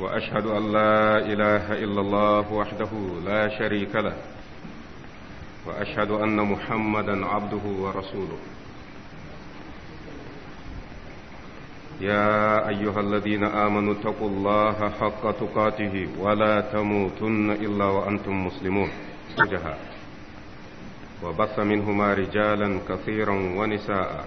وأشهد أن لا إله إلا الله وحده لا شريك له وأشهد أن محمدا عبده ورسوله يا أيها الذين آمنوا اتقوا الله حق تقاته ولا تموتن إلا وأنتم مسلمون وبث منهما رجالا كثيرا ونساء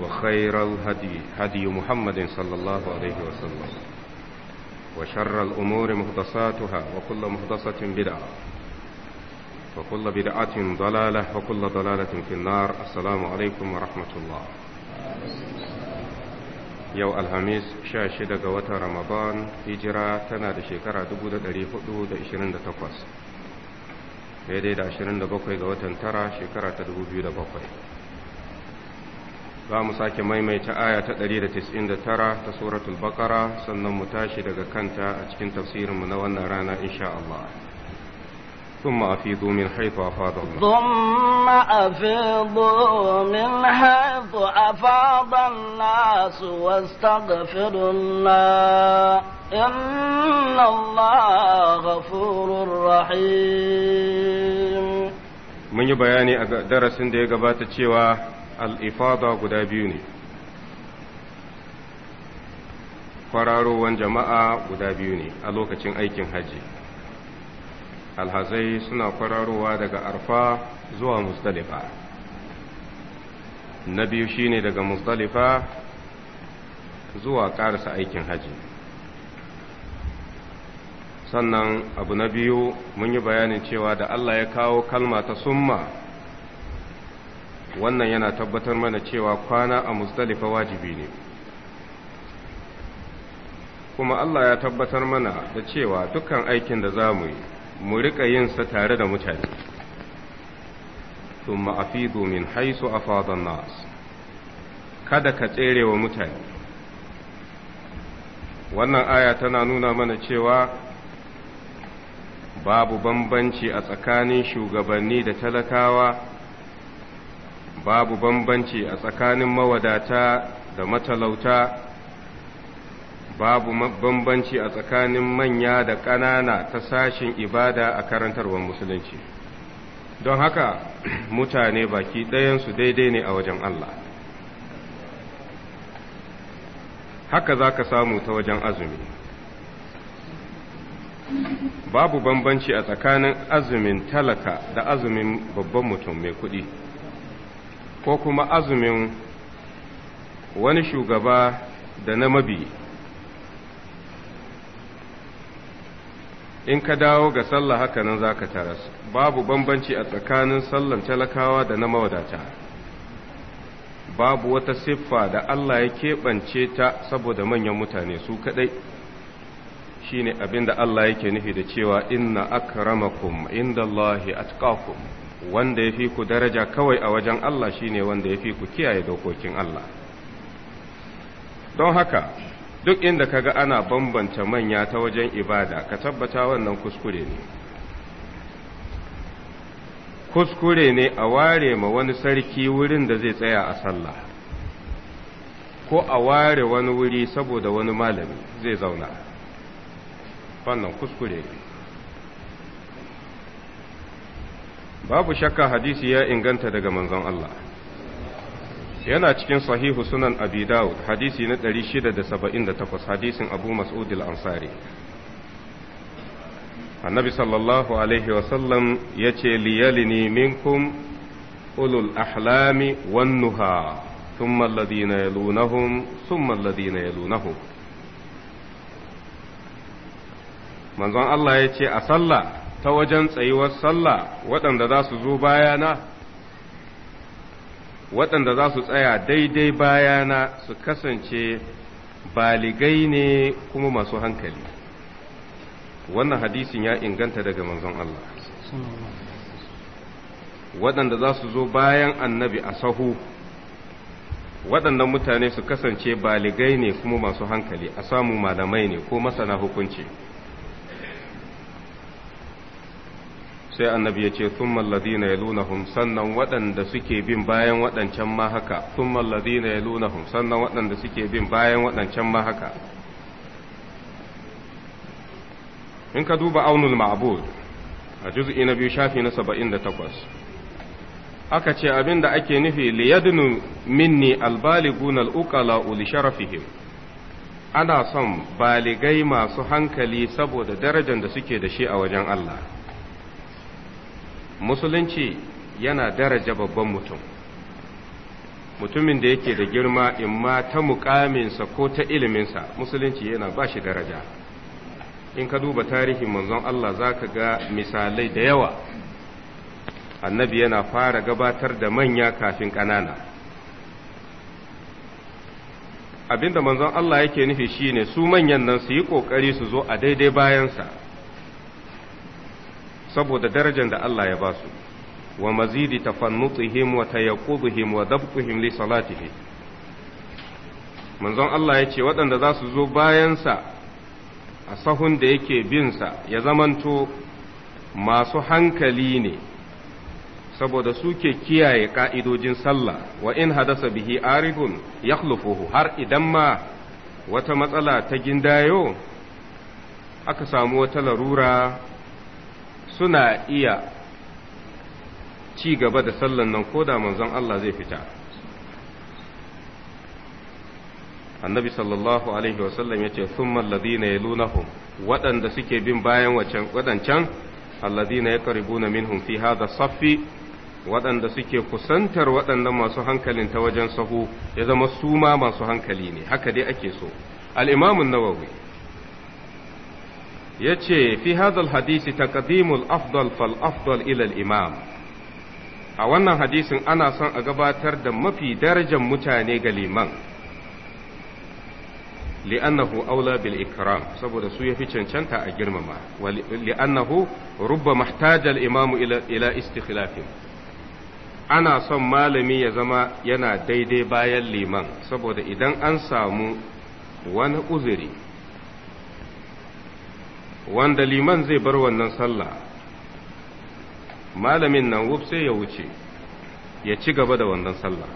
وخير الهدي هدي محمد صلى الله عليه وسلم وشر الأمور مهدساتها وكل مهدسة بدعة وكل بدعة ضلالة وكل ضلالة في النار السلام عليكم ورحمة الله يو الهميس شاشد قوات رمضان هجرة تنادي شكرا دبودة دري حدود إشرين تقص هذه دا إشرين دا بقوي قوات انترى شكرا تدبو بيو za mu sake maimaita aya ta 199 ta suratul bakara sannan mu tashi daga kanta a cikin tafsirinmu na wannan rana insha Allah ثم أفيضوا من حيث أفاض الله ثم أفيضوا من حيث أفاض الناس واستغفروا الله إن الله غفور رحيم من يبياني درس دي قبات al'ifada guda biyu ne kwararowar jama'a guda biyu ne a lokacin aikin hajji alhazai suna kwararowa daga arfa zuwa musdalifa na biyu shine daga musdalifa zuwa ƙarasa aikin hajji sannan abu na biyu mun yi bayanin cewa da Allah ya kawo kalma ta summa wannan yana tabbatar mana cewa kwana a muzdalifa wajibi ne kuma Allah ya tabbatar mana da cewa dukkan aikin da za mu yi mu riƙa yin sa tare da mutane ثم أفيضوا من حيث أفاض الناس kada ka tsere wa mutane wannan aya tana nuna mana cewa babu bambanci a tsakanin shugabanni da talakawa babu bambanci a tsakanin mawadata da matalauta babu bambanci a tsakanin manya da ƙanana ta sashin ibada a karantarwar musulunci don haka mutane baki ɗayansu daidai ne a wajen Allah haka za ka samu ta wajen azumi babu bambanci a tsakanin azumin talaka da azumin babban mutum mai kuɗi ko kuma azumin wani shugaba da na mabi in ka dawo ga sallah haka nan za ka taras babu bambanci a tsakanin sallan talakawa da na mawadata babu wata siffa da Allah ya keɓance ta saboda manyan mutane su kaɗai shine abin da Allah yake nufi da cewa inna akramakum inda Allahi atqakum wanda ya fi ku daraja kawai a wajen Allah shi ne wanda ya fi ku kiyaye dokokin Allah don haka duk inda ka ga ana bambanta manya ta wajen ibada ka tabbata wannan kuskure ne kuskure ne a ware ma wani sarki wurin da zai tsaya a sallah ko a ware wani wuri saboda wani malami zai zauna wannan kuskure ne babu shakka hadisi ya inganta daga manzon Allah yana cikin sahihu sunan abi dawud hadisi na 678 hadisin abu mas'ud al-ansari annabi sallallahu alaihi wasallam ya ce liyalini minkum ulul ahlami wan nuha ثم الذين يلونهم ثم الذين يلونهم manzon Allah ya ce a sallah ta wajen tsayuwar sallah waɗanda za su zo bayana waɗanda za su tsaya daidai bayana su kasance baligai ne kuma masu hankali wannan hadisin ya inganta daga manzon Allah waɗanda za su zo bayan annabi a sahu waɗannan mutane su kasance baligai ne kuma masu hankali a samu malamai ne ko masana hukunci. sai annabi ya ce sun malladina ya lunahum sannan waɗanda suke bin bayan waɗancan ma haka sun malladina ya lunahum sannan waɗanda suke bin bayan waɗancan ma haka in ka duba aunul ma'bud a juz'i na biyu shafi na saba'in da takwas aka ce abin da ake nufi liyadnu minni albaligun al'uqala uli sharafihim ana son baligai masu hankali saboda darajar da suke da shi a wajen Allah musulunci yana daraja babban mutum mutumin da yake da girma imma ta mukaminsa ko ta iliminsa musulunci yana ba shi daraja in ka duba tarihin manzon Allah za ka ga misalai da yawa annabi yana fara gabatar da manya kafin ƙanana abinda manzon Allah yake nufi shi ne su manyan nan su yi ƙoƙari su zo a daidai bayansa saboda darajar da Allah ya ba su wa mazidi tafannutihim wa tayaqqudihim wa dabquhim li salatihi. manzon Allah ya ce waɗanda za su zo bayansa a sahun da yake sa ya zamanto masu hankali ne saboda su ke kiyaye ƙa'idojin sallah wa in hadasa bihi arifun ya har idan ma wata matsala ta gindayo aka samu wata larura suna iya ci gaba da sallan nan ko da manzon Allah zai fita annabi sallallahu alaihi wasallam ya ce thumma alladhina yalunahum waɗanda suke bin bayan wacan waɗancan alladhina yaqribuna minhum fi hadha saffi waɗanda suke kusantar waɗannan masu hankalin ta wajen sahu ya zama su ma masu hankali ne haka dai ake so al-imamu nawawi ya ce fi hadal hadisi kadimul afdal fal afdal ilal imam a wannan hadisin ana son a gabatar da mafi darajar mutane ga liman li'annahu aula bil ikram saboda su fi cancanta a girmama li'annahu rubba mahtajal imamu ila istikhlafin ana son malami ya zama yana daidai bayan liman saboda idan an samu wani uzuri wanda liman zai bar wannan sallah malamin nan wuf sai ya wuce ya ci gaba da wannan sallah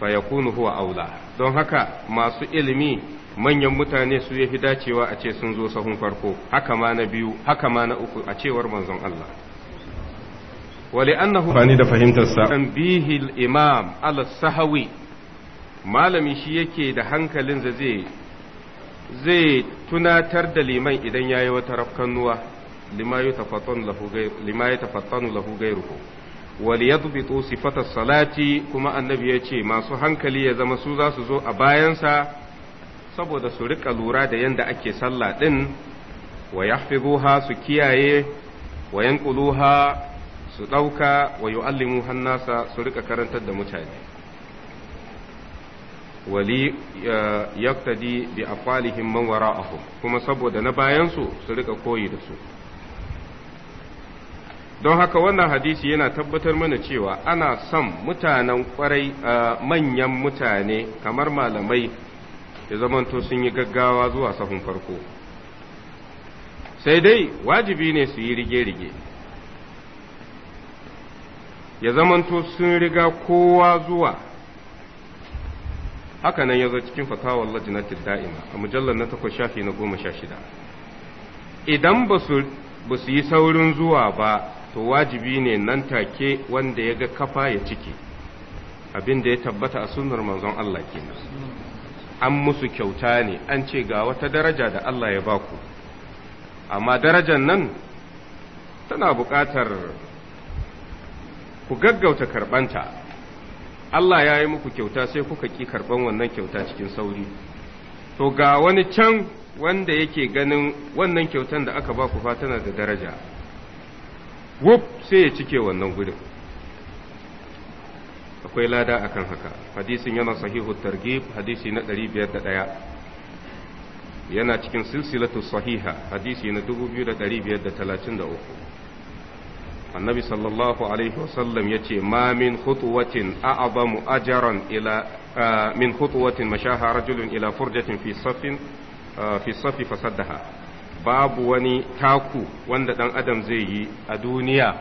fa ya kunu huwa aula don haka masu ilimi manyan mutane su yafi dacewa a ce sun zo sahun farko haka ma na biyu haka ma na uku a cewar manzon Allah wali annahu fani da fahimtar sa tanbihil imam ala sahawi malami shi yake da hankalin da zai zai tunatar da liman idan ya yi wata rafkannuwa lima ya tafattanu lahu gairuhu wali ya dubito sifatar salati kuma annabi ya ce masu hankali ya zama su za su zo a bayansa saboda su riƙa lura da yadda ake sallah ɗin wa yahfizuha su kiyaye wa yanquluha su ɗauka wa allimu hannasa su riƙa karantar da mutane wali yaktadi bi afalihim man wara'ahum kuma saboda na bayansu su rika koyi da su don haka wannan hadisi yana tabbatar mana cewa ana son mutanen kwarai manyan mutane kamar malamai ya zamanto sun yi gaggawa zuwa sahun farko sai dai wajibi ne su yi rige-rige ya zamanto sun riga kowa zuwa haka nan ya zo cikin fatawar lajinatid da'ima a mujallar na takwas shafi na goma sha shida idan ba su yi saurin zuwa ba to wajibi ne nan take wanda ya ga kafa ya cike abin da ya tabbata a sunnar manzon Allah kenan an musu kyauta ne an ce ga wata daraja da Allah ya ba ku amma darajar nan tana buƙatar ku gaggauta karɓanta Allah ya yi muku kyauta sai kuka ki karban wannan kyauta cikin sauri to ga wani can wanda yake ganin wannan kyautan da aka ba ku fa tana da daraja wuf sai ya cike wannan gudun akwai lada akan haka hadisin yana sahihu targhib hadisi na 501 yana cikin silsilatu sahiha hadisi na 2533 annabi sallallahu alaihi wasallam ya ce ma min khutuwatin a'abamu ajaran ila min khutuwatin mashaha rajulun ila furjatin fi safin fi safi fasaddaha wani taku wanda dan adam zai yi a duniya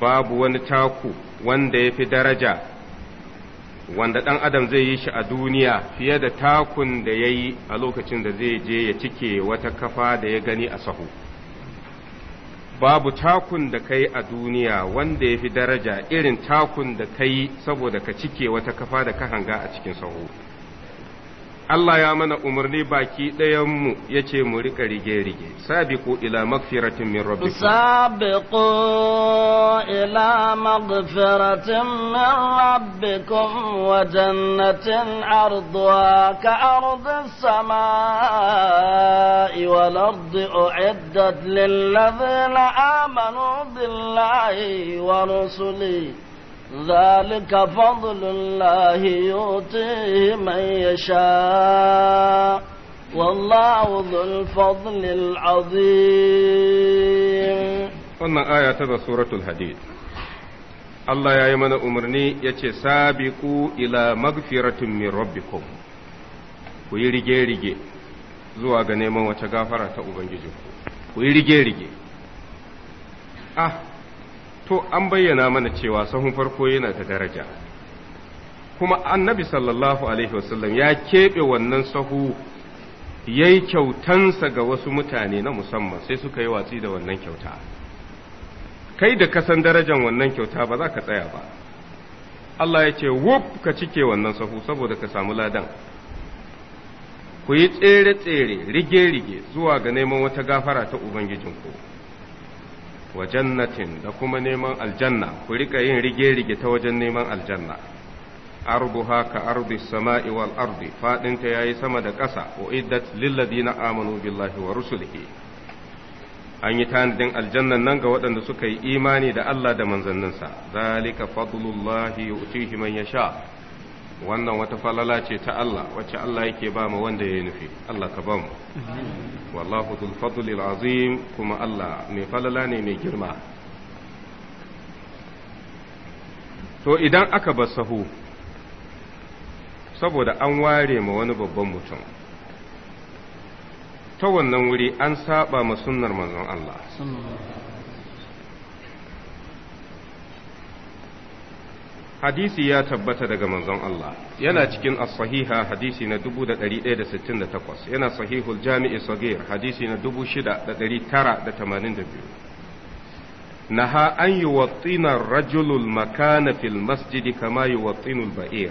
babu wani taku wanda ya fi daraja wanda ɗan adam zai yi shi a duniya fiye da takun da ya yi a lokacin da zai je ya cike wata kafa da ya gani a sahu babu takun da kai a duniya wanda ya fi daraja irin takun da kai saboda ka cike wata kafa da ka hanga a cikin sahu Allah ya mana umarni baki ɗayanmu ya ce mu riƙa rige-rige, sabiku ila magfiratin min rabbikum. Sabiku ila magfiratin min rabbikum wa jannatin arduwa ka ardin sama'i wal ardi u'iddat lillazina amanu billahi wa rusulihi. ذلك فضل الله يؤتيه من يشاء والله ذو الفضل العظيم wannan aya ta tana suratul hadid Allah ya yi mana umarni ya ce sabiku ila magfiratun min rabbikum ku yi rige-rige zuwa ga neman wata gafara ta Ubangijinku ku yi rige-rige ah to an bayyana mana cewa sahun farko yana da daraja kuma annabi sallallahu alaihi wasallam ya keɓe wannan sahu ya yi kyautansa ga wasu mutane na musamman sai suka yi watsi da wannan kyauta kai da kasan darajan wannan kyauta ba za ka tsaya ba Allah ya ce wuf ka cike wannan sahu saboda ka samu ladan ku yi tsere-tsere rige-rige zuwa ga neman wata gafara ta Ubangijinku. wa jannatin da kuma neman aljanna ku rika yin rige-rige ta wajen neman aljanna arduha ka ardi sama'i wal ardi fadinta yayi sama da ƙasa wa iddat na amanu billahi wa rusulihi an yi tanadin aljannan nan ga waɗanda suka yi imani da Allah da manzanninsa zalika fadlullahi yu'tihi man yasha wannan wata falala ce ta Allah wacce Allah yake ba mu wanda ya nufi Allah ka ba mu wallahu dhul fadlil azim kuma Allah mai falala ne mai girma to idan aka bar sahu saboda an ware ma wani babban mutum ta wannan wuri an saba ma sunnar manzon Allah hadisi ya tabbata daga manzon Allah yana cikin as-sahiha hadisi na 1168 yana sahihul jami'i sagir hadisi na 6982 naha an yuwattina rajulul makana fil masjidi kama yuwattinul ba'ir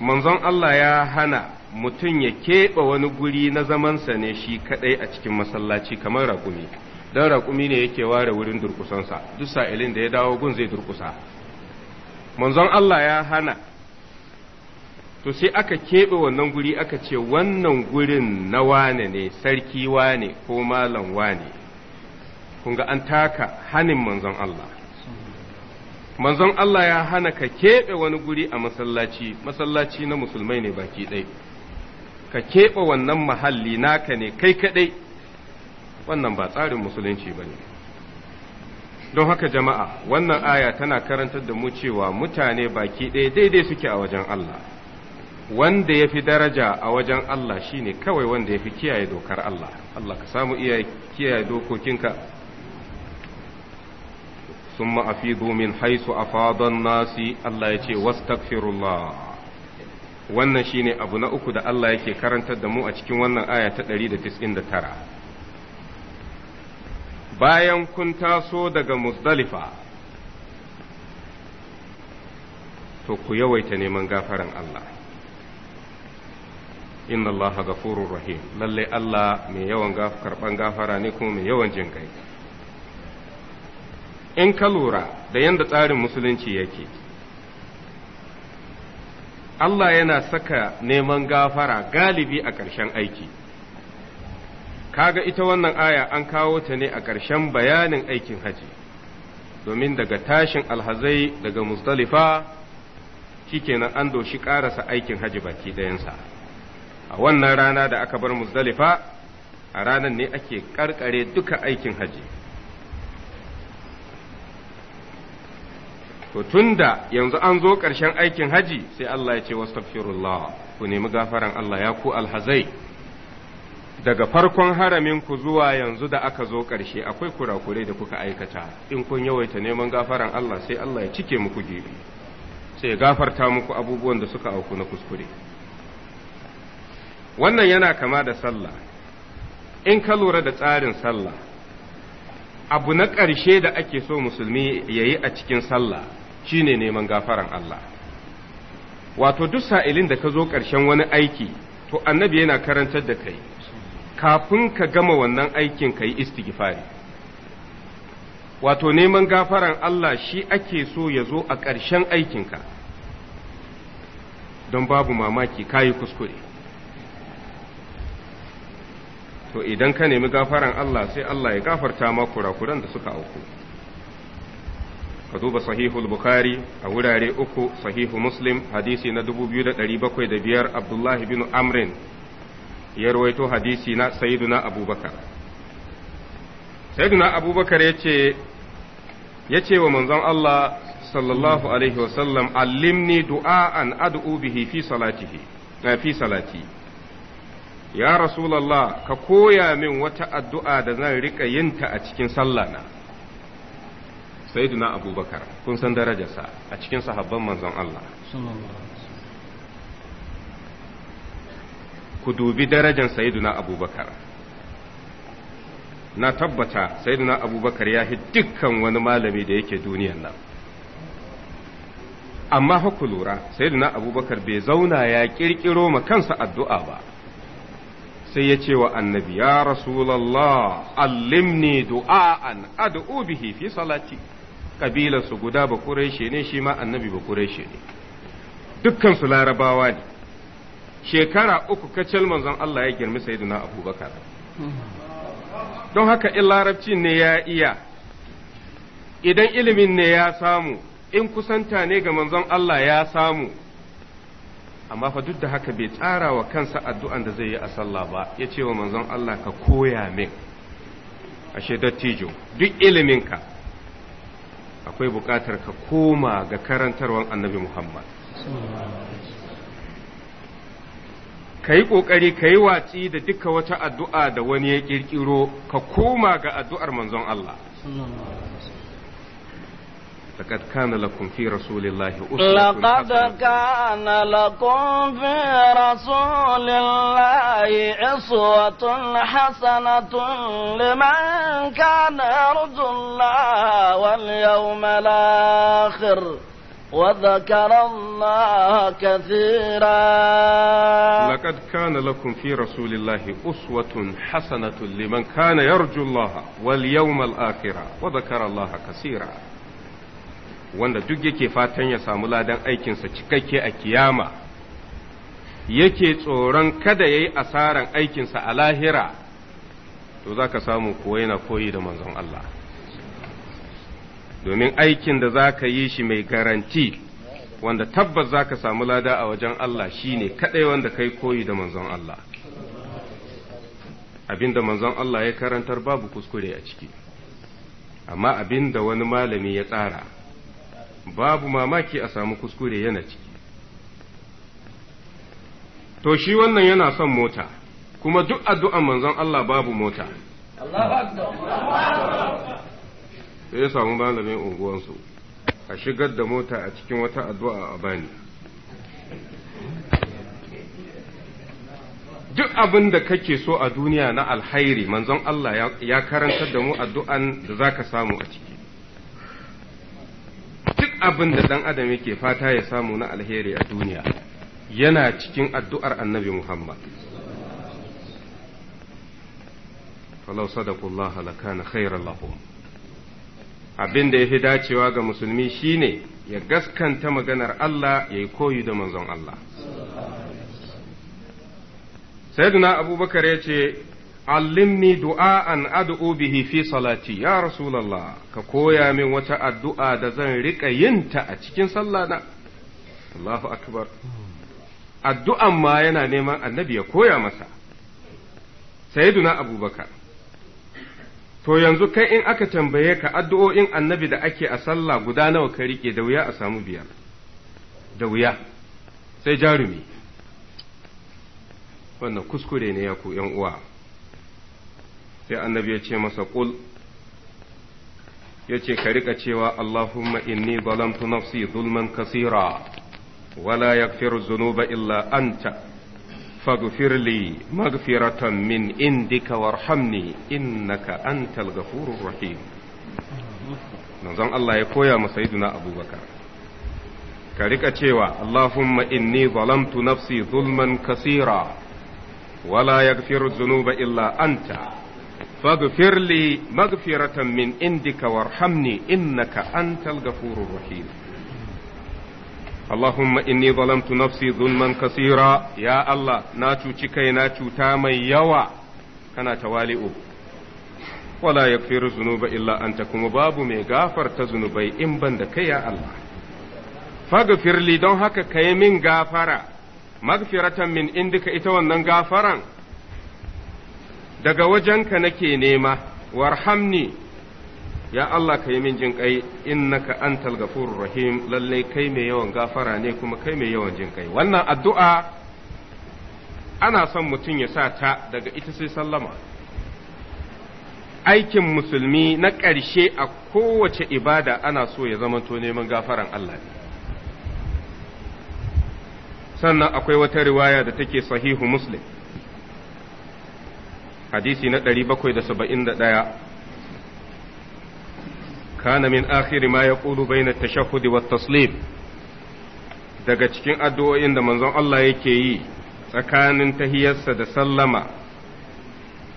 manzon Allah ya hana mutum ya keɓe wani guri na zamansa ne shi kaɗai a cikin masallaci kamar raƙumi don raƙumi ne yake ware wurin durkusansa duk sa'ilin da ya dawo gun zai durkusa manzon Allah ya hana to sai aka keɓe wannan guri aka ce wannan gurin na wane ne sarki wane ko malam wane ga an taka hanin manzon Allah manzon Allah ya hana ka keɓe wani guri a masallaci masallaci na musulmai ne baki ɗai ka keɓe wannan mahalli naka ne kai kaɗai wannan ba tsarin musulunci ba ne don haka jama'a wannan aya tana karantar da mu cewa mutane baki ɗaya daidai suke a wajen Allah wanda ya fi daraja a wajen Allah shine kawai wanda ya fi kiyaye dokar Allah Allah ka samu iya kiyaye dokokinka domin haisu a fadon nasi, Allah ya ce wasu takfirullah. wannan shine abu na uku da Allah yake karantar da mu a cikin wannan aya ta 199 bayan kun taso daga Muzdalifa, to ku yawaita neman gafaran Allah. Inna Allah gafurur rahim, lalle Allah mai yawan karɓan gafara ne kuma mai yawan jin kai. In ka lura da yadda tsarin musulunci yake, Allah yana saka neman gafara galibi a ƙarshen aiki. kaga ita wannan aya an kawo ta ne a ƙarshen bayanin aikin haji domin daga tashin alhazai daga muzdalifa shikenan an doshi ƙarasa aikin haji baki ɗayansa a wannan rana da aka bar muzdalifa a ranar ne ake ƙarƙare duka aikin haji to tunda yanzu an zo ƙarshen aikin haji sai Allah ya ce wastaghfirullah ku nemi gafaran Allah ya ku alhazai daga farkon haramin ku zuwa yanzu da aka zo ƙarshe akwai kurakurai da kuka aikata in kun yawaita neman gafaran Allah sai Allah ya cike muku gibi sai ya gafarta muku abubuwan da suka auku na kuskure wannan yana kama da sallah in ka lura da tsarin sallah abu na ƙarshe da ake so musulmi ya yi a cikin sallah shine neman gafaran Allah wato duk sa'ilin da ka zo ƙarshen wani aiki to annabi yana karantar da kai kafin ka gama wannan aikin ka yi istighfari wato neman gafaran Allah shi ake so ya zo a ƙarshen aikinka don babu mamaki ka yi kuskure to idan ka nemi gafaran Allah sai Allah ya gafarta ma kurakuran da suka auku ka duba sahihul bukhari a wurare uku sahihu muslim hadisi na 2705 abdullahi bin amrin ya ruwaito hadisi na sayyiduna abubakar sayyiduna abubakar ya ce wa manzon Allah sallallahu alaihi wasallam allimni du'a'an ad'u bihi fi salatihi eh, fi salati ya rasulullah ka koya min wata addu'a da zan rika yinta a cikin sallana sayyiduna abubakar kun san darajarsa a cikin sahabban manzon Allah ku dubi darajar sayyiduna abubakar na tabbata sayyiduna abubakar ya fi dukkan wani malami da yake duniyan nan amma fa ku lura sayyiduna abubakar bai zauna ya kirkiro ma kansa addu'a ba sai ya ce wa annabi ya rasulallah allimni du'a'an ad'u bihi fi salati kabilarsu guda ba kureshe ne shi ma annabi ba kureshe ne dukkansu larabawa ne shekara uku kacal manzon Allah ya girmi sayyidina abubakar don haka in larabci ne ya iya idan ilimin ne ya samu in kusanta ne ga manzon Allah ya samu amma fa duk da haka bai tsara wa kansa addu'an da zai yi a sallah ba ya ce wa manzon Allah ka koya min ashe dattijo duk iliminka akwai bukatar ka koma ga karantarwar annabi Muhammad ka yi ƙoƙari ka yi watsi da duka wata addu'a da wani ya ƙirƙiro ka koma ga addu'ar manzon Allah. لقد كان لكم في رسول الله أسوة لقد كان لكم في رسول الله أسوة حسنة لمن كان يرجو الله واليوم الآخر وذكر الله كثيرا لقد كان لكم في رسول الله أسوة حسنة لمن كان يرجو الله واليوم الآخرة وذكر الله كثيرا wanda duk yake fatan ya samu ladan aikinsa cikakke a kiyama yake tsoron kada ya yi asaran aikinsa a lahira to za ka samu kuwa yana koyi da manzon Allah domin aikin da za ka yi shi mai garanti wanda tabbas za ka samu lada a wajen Allah shi ne kaɗai wanda kai koyi da manzon Allah abinda manzon Allah ya karantar babu kuskure a ciki amma abinda wani malami ya tsara babu mamaki a samu kuskure yana ciki to shi wannan yana son mota kuma duk addu'an manzon Allah babu mota sai ya samu malamin unguwansu a shigar da mota a cikin wata addu'a a bani duk abin da kake so a duniya na alhairi manzon Allah ya karantar da mu addu'an da zaka samu a ciki duk abin da dan adam yake fata ya samu na alheri a duniya yana cikin addu'ar annabi Muhammad فلو صدقوا الله لكان abin da ya fi dacewa ga musulmi shine ya gaskanta maganar Allah ya yi koyi da manzon Allah. Sayyiduna Abubakar ya ce, Allimni du'a'an ad'u bihi fi salati ya Rasulallah, ka koya min wata addu'a da zan riƙa yinta a cikin sallana. Allahu Akbar. Addu'an ma yana neman annabi ya koya masa. Sayyiduna Abubakar. To yanzu kai in aka tambaye ka addu'o'in annabi da ake a sallah guda nawa ka rike da wuya a samu biyar, da wuya, sai jarumi. Wannan kuskure ne ya ku uwa. Sai annabi ya ce masa ƙul, ya ce ka rika cewa Allahumma inni zalamtu nafsi zulman kasira, wala yakfiru zunuba illa anta. فاغفر لي مغفرة من عندك وارحمني إنك أنت الغفور الرحيم نظن الله يقويا سيدنا أبو بكر كاريك أتشيوا اللهم إني ظلمت نفسي ظلما كثيرا ولا يغفر الذنوب إلا أنت فاغفر لي مغفرة من عندك وارحمني إنك أنت الغفور الرحيم اللهم إني ظلمت نفسي ظلما كثيرا يا الله ناتو تشكي ناتو تامي يوا كان توالئ ولا يغفر الذنوب إلا أنت كما باب مي غافر تذنوبي إن بندك يا الله فاغفر لي دون هكا كيمين غافرة مغفرة من عندك إتوانا غافرا daga wajenka nake nema warhamni ya Allah ka yi min jin kai innaka antal gafurur rahim lalle kai mai yawan gafara ne kuma kai mai yawan jin kai wannan addu'a ana son mutum ya sa ta daga ita sai sallama aikin musulmi na ƙarshe a kowace ibada ana so ya zamanto neman gafaran Allah ne sannan akwai wata riwaya da take sahihu muslim hadisi na 771 kana min akhiri ma yaqulu bayna at-tashahhud wa taslim daga cikin addu'o'in da manzon Allah yake yi tsakanin tahiyarsa da sallama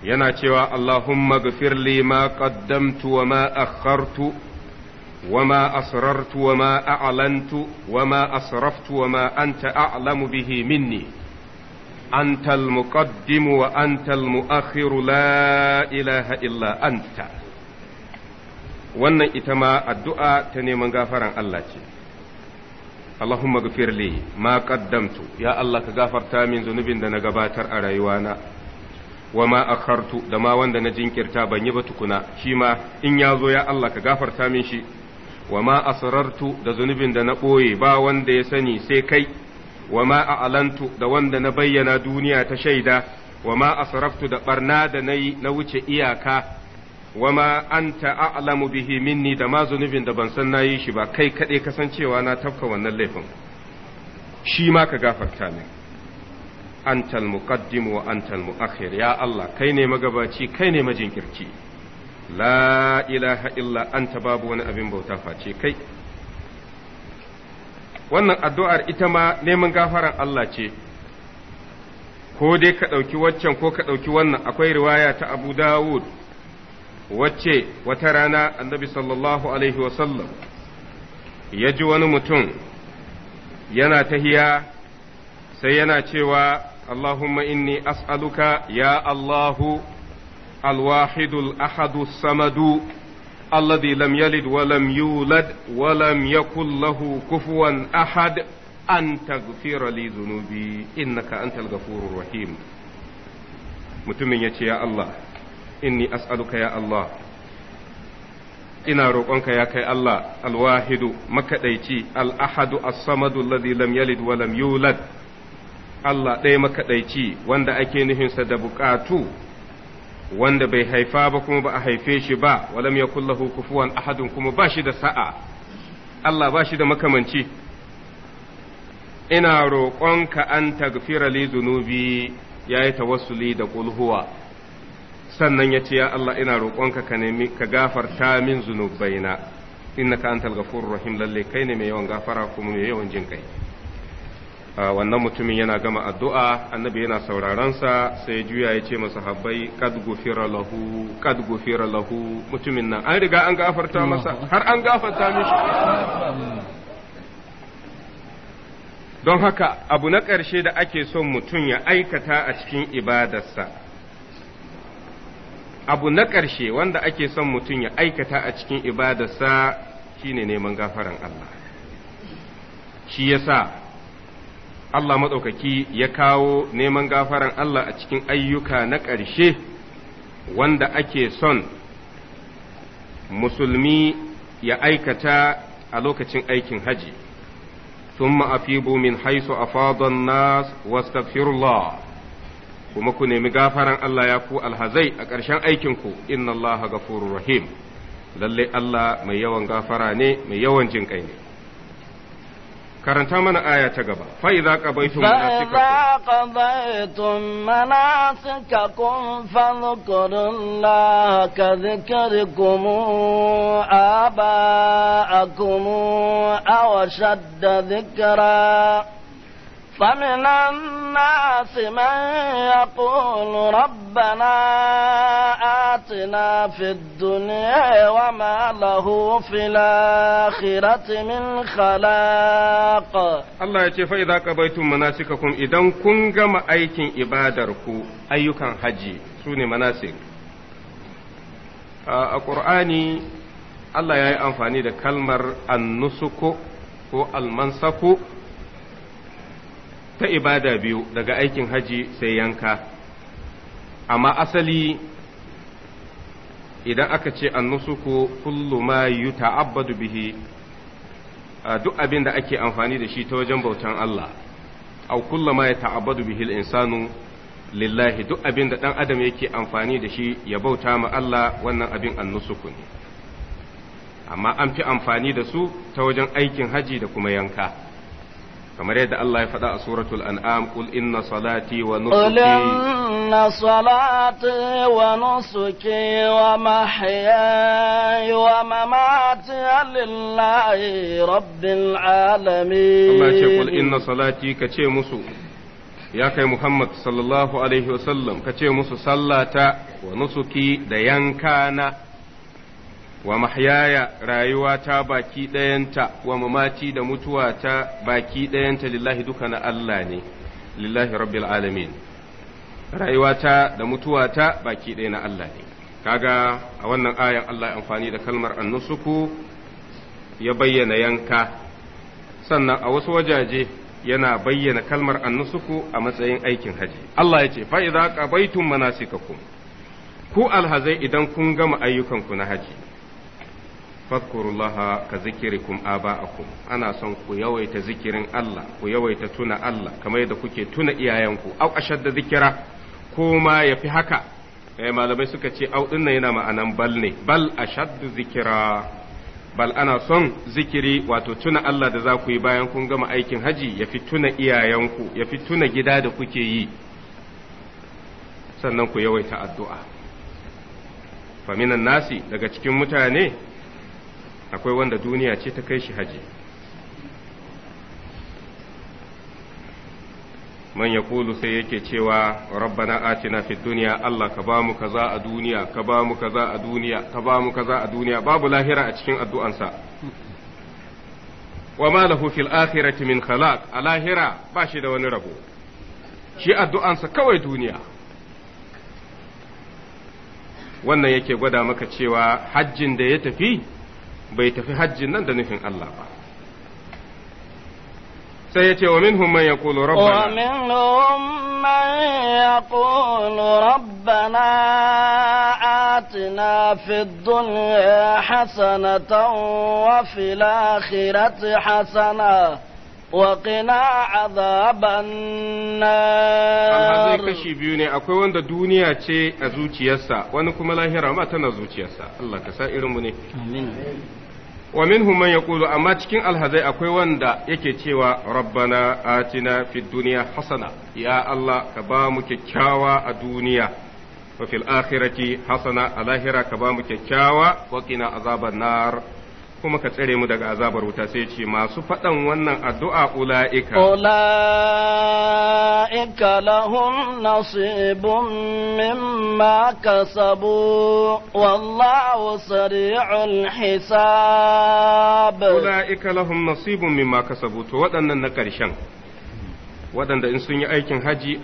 yana cewa Allahumma gafir li ma qaddamtu wa ma akhartu wa ma asrartu wa ma a'lantu wa ma asraftu wa ma anta a'lamu bihi minni أنت المقدم وأنت المؤخر la ilaha illa anta. wannan ita ma addu'a ta neman gafaran Allah ce Allahumma gafir li ma qaddamtu ya Allah ka gafarta min zunubin da na gabatar a rayuwana wa ma akhartu da ma wanda na jinkirta ban yi ba tukuna shi ma in ya zo ya Allah ka gafarta min shi wa ma asrartu da zunubin da na ɓoye ba wanda ya sani sai kai wa ma a'lantu da wanda na bayyana duniya ta shaida wa ma asraftu da ɓarna da na yi na wuce iyaka wama anta a'lamu bihi minni da ma zunubin da ban san nayi shi ba kai kaɗai kasancewa na tafka wannan laifin shi ma ka gafarta min antal muqaddim wa antal muakhir ya Allah kai ne magabaci kai ne majinkirci la ilaha illa anta babu wani abin bauta face kai wannan addu'ar ita ma neman gafaran Allah ce ko dai ka ɗauki waccan ko ka ɗauki wannan akwai riwaya ta Abu Dawud wacce wata rana annabi sallallahu alaihi wasallam ya ji wani mutum yana tahiya sai yana cewa Allahumma inni as'aluka ya Allahu alwahidul ahadu samadu alladhi lam yalid wa lam yulad wa lam yakul lahu kufuwan ahad an taghfira li dhunubi innaka antal ghafurur rahim mutumin yace ya Allah inni as'aluka ya Allah ina roƙonka ya kai Allah alwahidu makaɗaici al'ahadu as-samadu alladhi lam yalid wa lam yulad Allah ɗaya makaɗaici wanda ake nufinsa da buƙatu wanda bai haifa ba kuma ba a haife shi ba walam yakul lahu kufuwan ahadun kuma ba shi da sa'a Allah ba shi da makamanci ina roƙonka an tagfira li ya yayi tawassuli da qul huwa sannan ya ce ya Allah ina roƙonka ka nemi ka gafarta min zunubaina innaka antal ghafurur rahim lalle kai ne mai yawan gafara kuma mai yawan jin kai wannan mutumin yana gama addu'a annabi yana sauraron sa sai juya ya ce masa habbai kad gufira lahu kad gufira lahu mutumin nan an riga an gafarta masa har an gafarta mishi don haka abu na ƙarshe da ake son mutum ya aikata a cikin ibadarsa abu na ƙarshe wanda ake son mutum ya aikata a cikin ibadarsa shine neman gafaran Allah shi yasa Allah maɗaukaki ya kawo neman gafaran Allah a cikin ayyuka na ƙarshe wanda ake son musulmi ya aikata a lokacin aikin haji ثم أفيضوا من حيث أفاض الناس واستغفروا الله kuma ku nemi gafaran Allah ya ku alhazai a ƙarshen aikinku inna Allah gafurur rahim lalle Allah mai yawan gafara ne mai yawan jin kai ne karanta mana aya ta gaba fa idza qabaytum manasikakum manasikakum fadhkurullaha ka dhikrikum aba'akum aw shadda dhikra فمن الناس من يقول ربنا آتنا في الدنيا وما له في الآخرة من خلاق الله يتفى إذا قبيتم مناسككم إذا كنتم أيكم إبادركم أيكم حجي سوني مناسك القرآن الله يأي أنفاني da kalmar annusuku ko almansaku ta ibada biyu daga aikin haji sai yanka amma asali idan aka ce annusuku kullu ma yuta'abbadu bihi duk abin da ake amfani da shi ta wajen bautan Allah au kullu ma yata'abbadu bihi insanu lillahi duk abin da dan adam yake amfani da shi ya bauta ma Allah wannan abin annusuku ne amma an fi amfani da su ta wajen aikin haji da kuma yanka kamar yadda Allah ya faɗa a suratul an'am qul salati wa nusuki qul inna salati wa nusuki wa mahyaya wa mamati lillahi rabbil alamin ce qul salati ka ce musu ya kai Muhammad sallallahu ka ce musu sallata wa nusuki da na. wa mahyaya rayuwa ta baki ɗayanta wa mamati da mutuwa ta baki ɗayanta lillahi duka na Allah ne lillahi rabbil alamin rayuwa ta da mutuwa ta baki ɗaya na Allah ne kaga a wannan ayan Allah amfani da kalmar annusuku ya bayyana yanka sannan a wasu wajaje yana bayyana kalmar annusuku a matsayin aikin haji Allah ya ce fa'iza qabaitum manasikakum ku alhazai idan kun gama ayyukanku na haji fadkurullaha ka zikirikum aba'akum ana son ku yawaita zikirin Allah ku yawaita tuna Allah kamar yadda kuke tuna iyayenku au ashadda zikira ko ma yafi haka eh malamai suka ce au dinnan yana ma'anan bal ne bal ashaddu zikira bal ana son zikiri wato tuna Allah da za ku yi bayan kun gama aikin haji yafi tuna iyayenku yafi tuna gida da kuke yi sannan ku yawaita addu'a faminan nasi daga cikin mutane akwai wanda duniya ce ta kai shi haji man ya kulu sai yake cewa rabbana atina fid duniya Allah ka bamu kaza a duniya ka bamu kaza a duniya ka bamu kaza a duniya babu lahira a cikin addu'ansa wa ma lahu fil akhirati min khalaq a lahira ba shi da wani rabo shi addu'ansa kawai duniya wannan yake gwada maka cewa hajjin da ya tafi bai tafi hajjin nan da nufin Allah ba sai ya ce wa minhum man yaqulu rabbana wa minhum man yaqulu rabbana atina fid dunya hasanatan wa وقنا عذاب النار amma zai kashi biyu ne akwai wanda duniya ce a zuciyarsa wani kuma lahira ma tana zuciyarsa Allah ka sa irin mu ne amin wa minhum man yaqulu amma cikin alhazai akwai wanda yake cewa rabbana atina fid dunya hasana ya Allah ka ba mu kyakkyawa a duniya wa fil akhirati hasana a lahira ka ba mu kyakkyawa wa qina azaban nar kuma ka tsare mu daga azabar wuta sai ce masu faɗan wannan addu'a ula'ika. Ula'ika lahum nasibun mimma kasabu wallahu sari'ul hisab. Ula'ika lahum nasibun mimma kasabu to waɗannan na ƙarshen. Waɗanda in sun yi aikin haji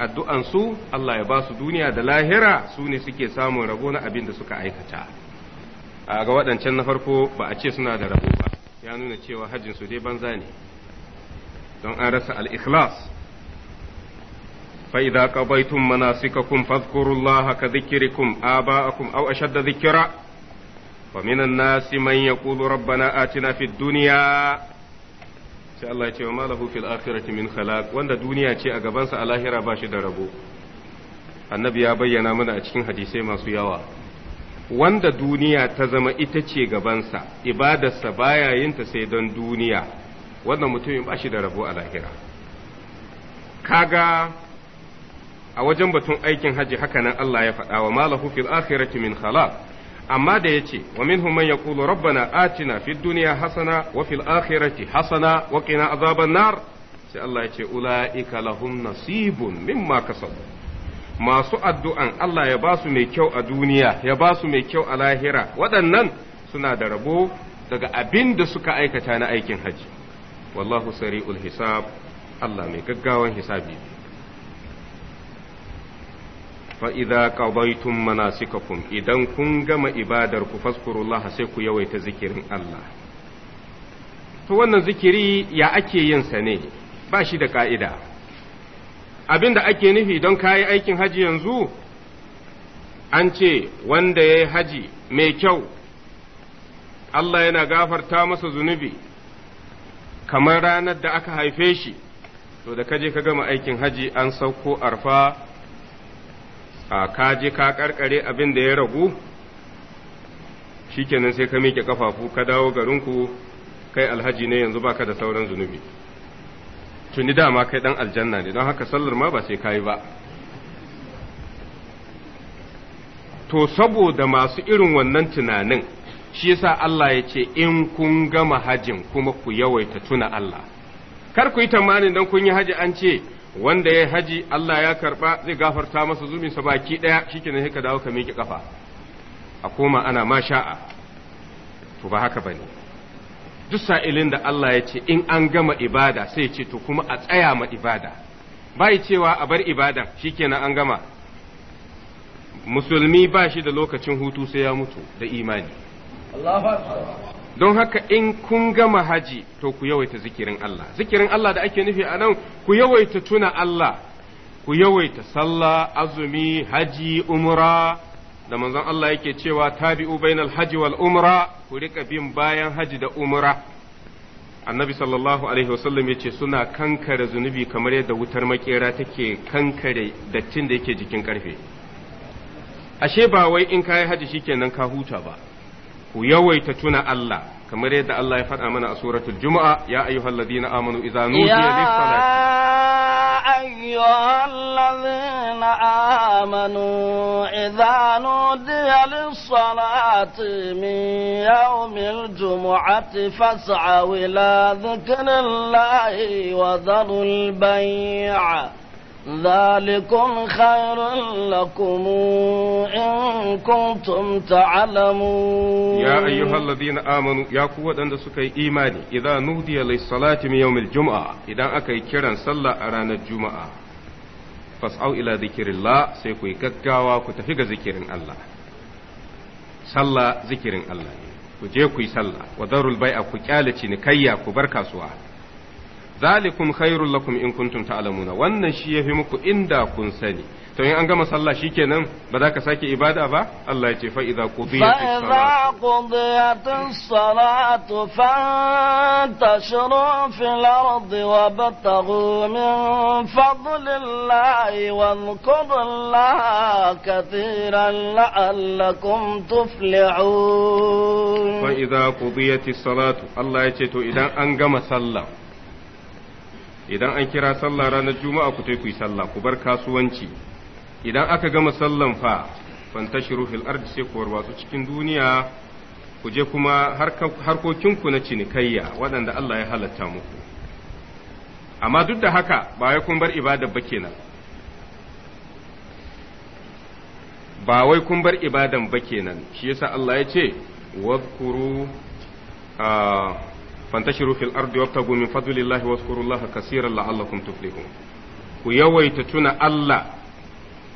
su Allah ya ba su duniya da lahira su ne suke samun rago na abin da suka aikata. a ga waɗancan na farko ba a ce suna da rabo ba ya nuna cewa hajjin su dai banza ne don an rasa al-ikhlas fa idza qadaytum manasikakum fadhkurullaha ka dhikrikum aba'akum aw ashadda dhikra wa minan nasi man yaqulu rabbana atina fid dunya sai Allah ya ce ma lahu fil akhirati min khalaq wanda duniya ce a gabansa a lahira ba shi da rabo annabi ya bayyana mana a cikin hadisai masu yawa wanda duniya ta zama ita ce gabansa ibadarsa baya yinta sai don duniya wannan mutumin ba shi da rabo a lahira kaga a wajen batun aikin haji haka nan Allah ya faɗa wa malahu fil akhirati min khalaq amma da yace wa minhum man yaqulu rabbana atina fid dunya hasana wa fil akhirati hasana wa qina azaban nar sai Allah ya ce ulaika lahum nasibun mimma kasabu masu addu'an Allah ya ba su mai kyau a duniya ya ba su mai kyau a lahira waɗannan suna da rabo daga abin da suka aikata na aikin haji wallahu sari'ul hisab Allah mai gaggawan hisabi mana suka manasikakum idan kun gama ibadar ku faskurullaha sai ku yawaita zikirin Allah to wannan zikiri ya ake yin sa ne ba shi da ƙa'ida abin da ake nufi don kayi aikin haji yanzu an ce wanda ya yi haji mai kyau Allah yana gafarta masa zunubi kamar ranar da aka haife shi to da kaje ka gama aikin haji an sauko arfa a kaje ka karkare abin da ya ragu shikenan sai ka miƙe ƙafafu ka dawo garinku kai alhaji ne yanzu baka da sauran zunubi tuni dama kai dan aljanna ne don haka sallar ma ba sai kayi ba to saboda masu irin wannan tunanin shi yasa Allah ya ce in kun gama hajin kuma ku yawaita tuna Allah kar ku yi tamanin dan kun yi haji an ce wanda ya haji Allah ya karba zai gafarta masa sa baki daya shikenan sai ka dawo ka miƙe kafa a koma ana masha'a to ba haka bane duk sa'ilin da Allah ya ce in an gama ibada sai ce to kuma a tsaya ma ibada bai cewa a bar ibadan shikenan an gama musulmi ba shi da lokacin hutu sai ya mutu da imani don haka in kun gama haji to ku yawaita zikirin Allah zikirin Allah da ake nufi a nan ku yawaita tuna Allah ku yawaita sallah azumi haji umra da manzon Allah yake cewa tabi'u bainal haji wal umra ku rika bin bayan haji da umra annabi sallallahu alaihi wasallam yace suna kankare zunubi kamar yadda wutar makera take kankare dattin da yake jikin karfe ashe ba wai in kayi haji shikenan ka huta ba ku yawaita tuna Allah kamar yadda Allah ya faɗa mana a suratul Juma'a ya ayyuhal ladina amanu idza nudiya lis salati ya ayyuhal ladina amanu idza nudiya lis salati ذلكم خير لكم إن كنتم تعلمون يا أيها الذين آمنوا يا قوة أن سكي إيماني إذا نودي للصلاة من يوم الجمعة إذا أكي كيران صلى أران الجمعة فاسعوا إلى ذكر الله سيكوي كتكاوا كتفق ذكر الله صلى ذكر الله ku je ku yi sallah wa darul bai'a ku kyale cinikayya ku bar kasuwa zalikum khairul lakum in kuntum ta'lamuna wannan shi yafi muku inda kun sani to in an gama sallah shikenan ba za ka sake ibada ba Allah ya ce fa idza qudiyatis salatu fantashiru fil ardi wabtaghu min fadlillahi wadhkurullaha katiran la'allakum tuflihun fa idza qudiyatis salatu Allah ya ce to idan an gama sallah idan an kira sallah ranar juma'a ku ku yi sallah ku bar kasuwanci idan aka gama sallan fa fantashiru fil ardi sai ku warwatsu cikin duniya ku je kuma harkokinku na cinikayya waɗanda Allah ya halatta muku amma duk da haka ba wai kun bar ibada ba kenan ba wai kun bar ibadan ba kenan shi yasa Allah ya ce wadkuru ah, fantashiru fil ardi wabtagu min fadlillahi wazkurullaha kaseeran la'allakum tuflihun ku yawaita tuna Allah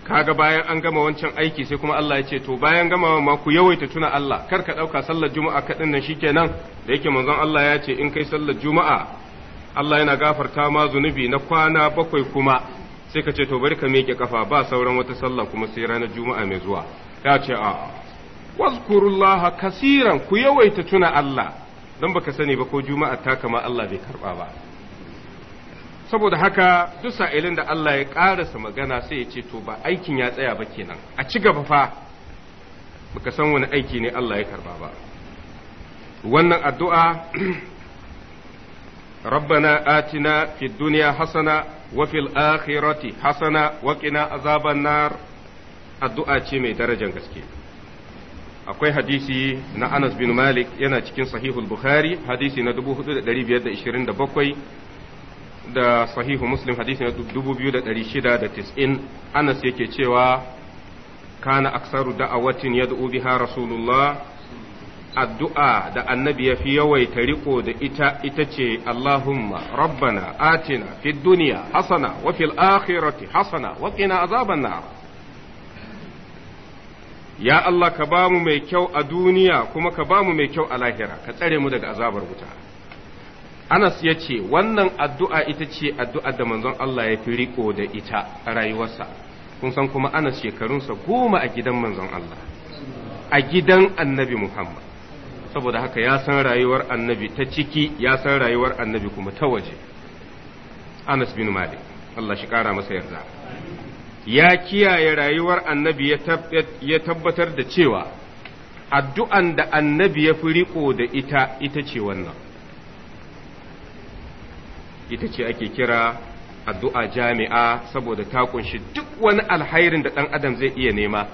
kaga bayan an gama wancan aiki sai kuma Allah ya ce to bayan gama ma ku yawaita tuna Allah kar ka dauka sallar juma'a kadin nan shikenan da yake manzon Allah ya ce in kai sallar juma'a Allah yana gafarta ma zunubi na kwana bakwai kuma sai ka ce to bari ka miƙe kafa ba sauran wata sallah kuma sai ranar juma'a mai zuwa ya ce a wazkurullaha kasiran ku yawaita tuna Allah don baka sani ba ko juma'a ta kama Allah bai karba ba saboda haka duk sa'ilin da Allah ya karasa magana sai ya ce to ba aikin ya tsaya ba kenan a ci gaba fa baka san wani aiki ne Allah ya karba ba wannan addu'a ربنا آتنا hasana wa fil akhirati hasana wa qina azaban nar addu'a ce mai darajar gaske. akwai hadisi na Anas bin Malik yana cikin sahihul Bukhari hadisi na 4527 da sahihu Muslim hadisi na 2690 Anas yake cewa kana aksaru da'awatin ya biha Rasulullah addu'a da annabi ya fi yawaita riko da ita ita ce Allahumma rabbana atina fid duniya hasana wa fil akhirati hasana wa qina azaban nar ya Allah ka ba mu mai kyau a duniya kuma ka ba mu mai kyau a lahira ka tsare mu daga azabar wuta Anas ya ce wannan addu'a ita ce addu'a da manzon Allah ya fi riko da ita a rayuwarsa kun san kuma Anas shekarunsa goma a gidan manzon Allah a gidan annabi Muhammad saboda haka ya san rayuwar annabi ta ciki ya san rayuwar annabi kuma ta waje Anas bin Malik Allah shi kara masa yarda ya kiyaye rayuwar annabi ya tabbatar da cewa addu'an da annabi ya fi riko da ita ita ce wannan ita ce ake kira addu'a jami'a saboda ta kunshi duk wani alhairin da ɗan adam zai iya nema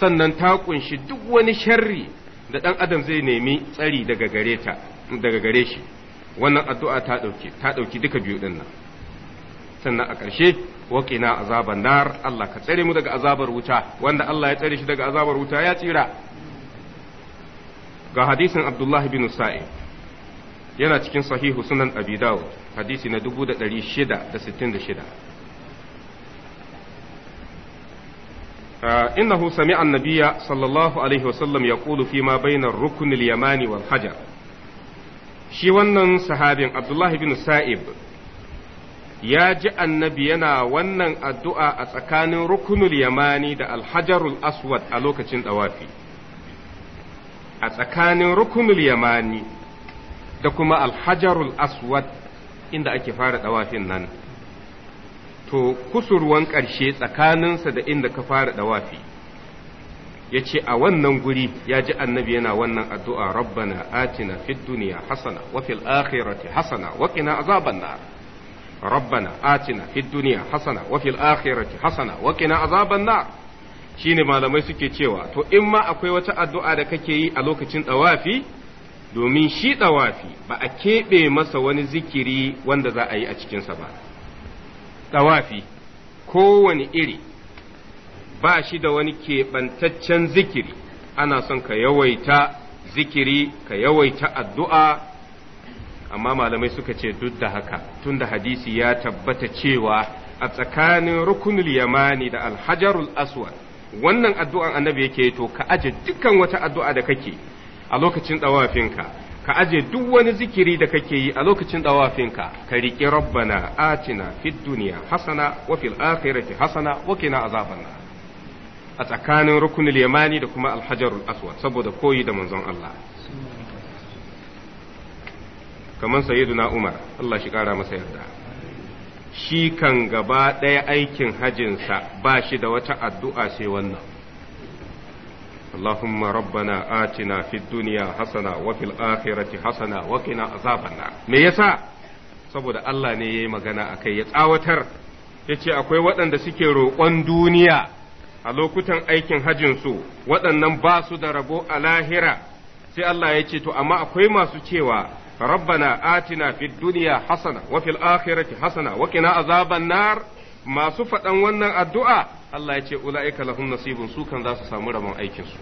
sannan ta kunshi duk wani sharri da ɗan adam zai nemi tsari daga gare shi wannan addu'a ta ɗauki duka biyu ɗin nan sannan a ƙarshe waƙina azaban nar Allah ka tsare mu daga azabar wuta wanda Allah ya tsare shi daga azabar wuta ya tsira ga hadisin Abdullahi bin Sa'id yana cikin sahihu sunan Abi Dawud hadisi na 1666 إنه سمع النبي صلى الله عليه وسلم يقول فيما بين الركن اليماني والحجر shi wannan sahabin Abdullahi bin Sa'ib ya ji annabi yana wannan addu'a a tsakanin rukunul yamani da alhajarul aswad a lokacin ɗawafi. A tsakanin rukunul yamani da kuma alhajarul aswad inda ake fara ɗawafin nan, to kusurwan ƙarshe tsakaninsa da inda ka fara ɗawafi. ya ce a wannan guri ya ji annabi yana wannan addu'a rabbana atina fid duniya hasana wa fil akhirati hasana wa qina azaban nar rabbana atina fid dunya hasana wa fil akhirati hasana wa qina azaban nar shine malamai suke cewa to in ma akwai wata addu'a da kake yi a lokacin tsawafi domin shi tsawafi ba a keɓe masa wani zikiri wanda za a yi a cikinsa ba tsawafi. kowane iri ba shi da wani keɓantaccen zikiri ana son ka yawaita zikiri ka yawaita addu'a amma malamai suka ce duk da haka tunda hadisi ya tabbata cewa a tsakanin rukunul yamani da alhajarul aswad wannan addu'an annabi yake to ka aje dukkan wata addu'a da kake a lokacin ɗawafinka ka aje duk wani zikiri da kake yi a lokacin ɗawafinka ka riƙi rabbana atina fid duniya hasana wa fil akhirati hasana wa qina azaban a tsakanin rukunul yamani da kuma alhajarul aswad saboda koyi da manzon Allah kamar sayyiduna Umar Allah shi kara masa yarda shi kan gaba ɗaya aikin hajinsa ba shi da wata addu'a sai wannan Allahumma rabbana atina آتنا duniya hasana wa fil akhirati hasana wa qina azabanna me yasa saboda Allah ne yayi magana akai ya tsawatar yace akwai waɗanda suke roƙon duniya a lokutan aikin hajjin su waɗannan ba su da rabo a lahira sai Allah ya ce to amma akwai masu cewa ربنا آتنا في الدنيا حسنة وفي الآخرة حسنة وقنا عذاب النار ما سفت أن ونن الدعاء الله nasibin أولئك لهم نصيب سوكا ذا سامر من أيكنسو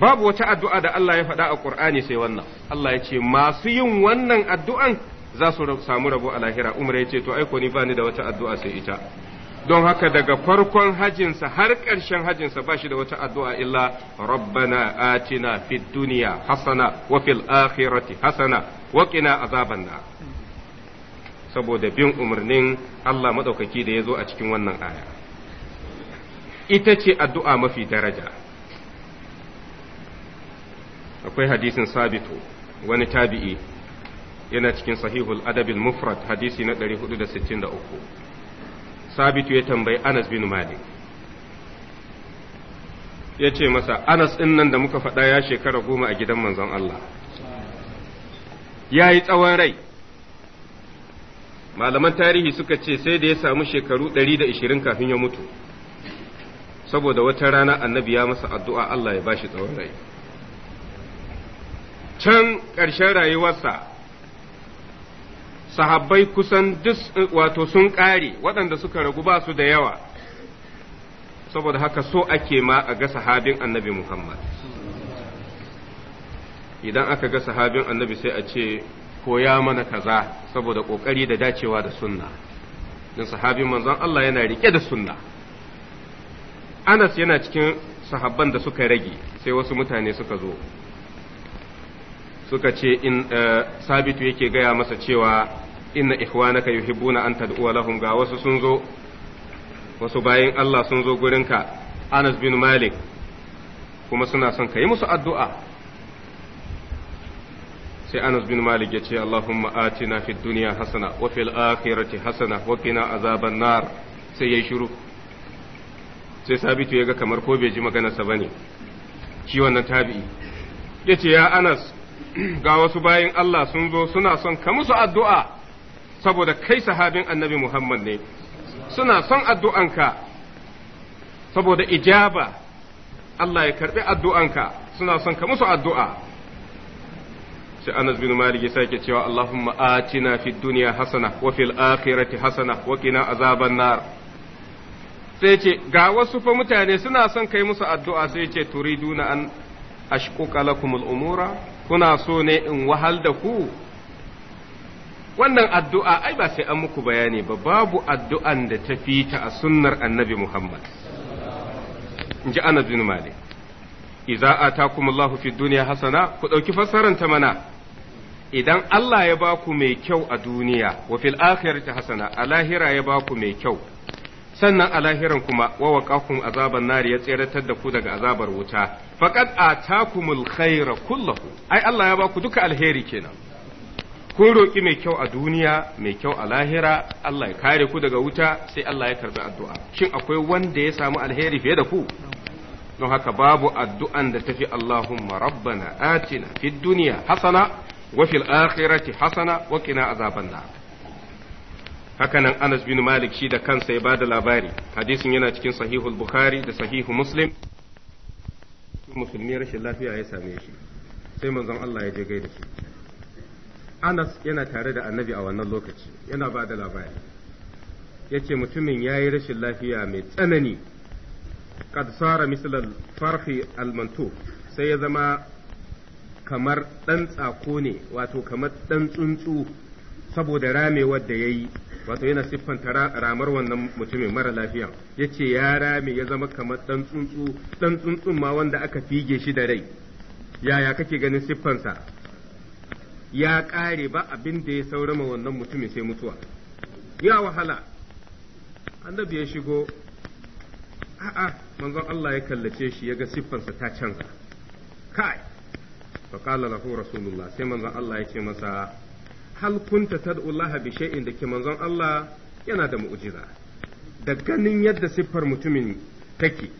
babu wata addu'a da Allah ya faɗa a Ƙur'ani sai wannan, Allah ya ce, Masu yin wannan addu'an za su samu rabo a lahira, Umar ya ce, To, aiko ni ba ni da wata addu'a sai ita. don haka daga farkon hajinsa har ƙarshen hajinsa ba shi da wata addu'a illa rabbana atina fid duniya hasana wa fil akhirati hasana wa qina azaban na. saboda bin umarnin Allah maɗaukaki da ya zo a cikin wannan aya ita ce addu'a mafi daraja akwai hadisin sabito wani tabi'i yana cikin sahihul adabin mufrad hadisi na 463 sabitu ya tambayi anas bin malik ya ce masa anas ɗin nan da muka faɗa ya shekara goma a gidan manzon Allah ya yi tsawon rai malaman tarihi suka ce sai da ya samu shekaru 120 kafin ya mutu saboda wata rana annabi ya masa addu'a Allah ya ba shi tsawon rai can ƙarshen rayuwarsa sahabbai kusan duk wato sun ƙare waɗanda suka ragu ba su da yawa saboda haka so ake ma a ga sahabin annabi Muhammad idan aka ga sahabin annabi sai a ce koya mana kaza saboda ƙoƙari da dacewa da sunna don sahabin manzon Allah yana rike da sunna Anas yana cikin sahabban da suka rage sai wasu mutane suka zo suka ce in eh, sabitu yake gaya masa cewa inna ikhwanaka yuhibbuna an tad'u lahum ga wasu sun zo wasu bayin Allah sun zo gurinka Anas bin Malik kuma suna son ka yi musu addu'a sai Anas bin Malik ya ce Allahumma atina fid duniya hasana wa fil akhirati hasana wa qina azaban nar sai ya shiru sai sabitu ya ga kamar ko bai ji maganarsa bane shi wannan tabi'i yace ya Anas ga wasu bayin Allah sun zo suna son ka musu addu'a saboda kai sahabin annabi Muhammad ne suna son addu'anka saboda ijaba Allah ya karɓi addu'anka suna son ka musu addu'a sai Anas bin Malik ya sake cewa Allahumma atina fid dunya hasana wa fil akhirati hasana wa qina azaban nar sai ce ga wasu fa mutane suna son kai musu addu'a sai ce turiduna an ashquqa lakumul umura kuna so ne in wahal da ku wannan addu'a ai ba sai an muku bayani ba babu addu'an da ta fi ta a sunnar annabi Muhammad in ji Anas bin Malik idza atakumullahu fi dunya hasana ku ɗauki fassarar ta mana idan Allah ya baku mai kyau a duniya wa fil akhirati hasana a lahira ya baku mai kyau sannan a lahiran kuma wa waqakum azaban nari ya tseratar da ku daga azabar wuta faqad atakumul khaira kullahu ai Allah ya baku duka alheri kenan kun roki mai kyau a duniya mai kyau a lahira Allah ya kare ku daga wuta sai Allah ya karbi addu'a shin akwai wanda ya samu alheri fiye da ku don haka babu addu'an da tafi Allahumma rabbana atina fid dunya hasana wa fil akhirati hasana wa qina azaban na. hakanan Anas bin Malik shi da kansa ya bada labari hadisin yana cikin sahihul Bukhari da sahihu Muslim musulmi rashin lafiya ya same shi sai manzon Allah ya je gaida shi Anas yana tare da Annabi a wannan lokaci yana bada labari yace mutumin yayi rashin lafiya mai tsanani qad sara mislal farhi al sai ya zama kamar ɗan tsako ne wato kamar ɗan tsuntsu saboda ramewar da ya yi wato yana siffan ramar wannan mutumin mara lafiya ya ce ya rame ya zama kamar dan tsuntsu dan tsuntsun ma wanda aka fige shi da rai yaya kake ganin siffansa ya ƙare ba abin da ya saurama wannan mutumin sai mutuwa ya wahala annabi ya shigo a'a manzon Allah ya kallace shi ya ga siffansa ta canza kai fa qala lahu rasulullah sai manzon Allah ya ce masa hal kunta tad'ullaha bi shay'in da ke manzon Allah yana da mu'jiza da ganin yadda siffar mutumin take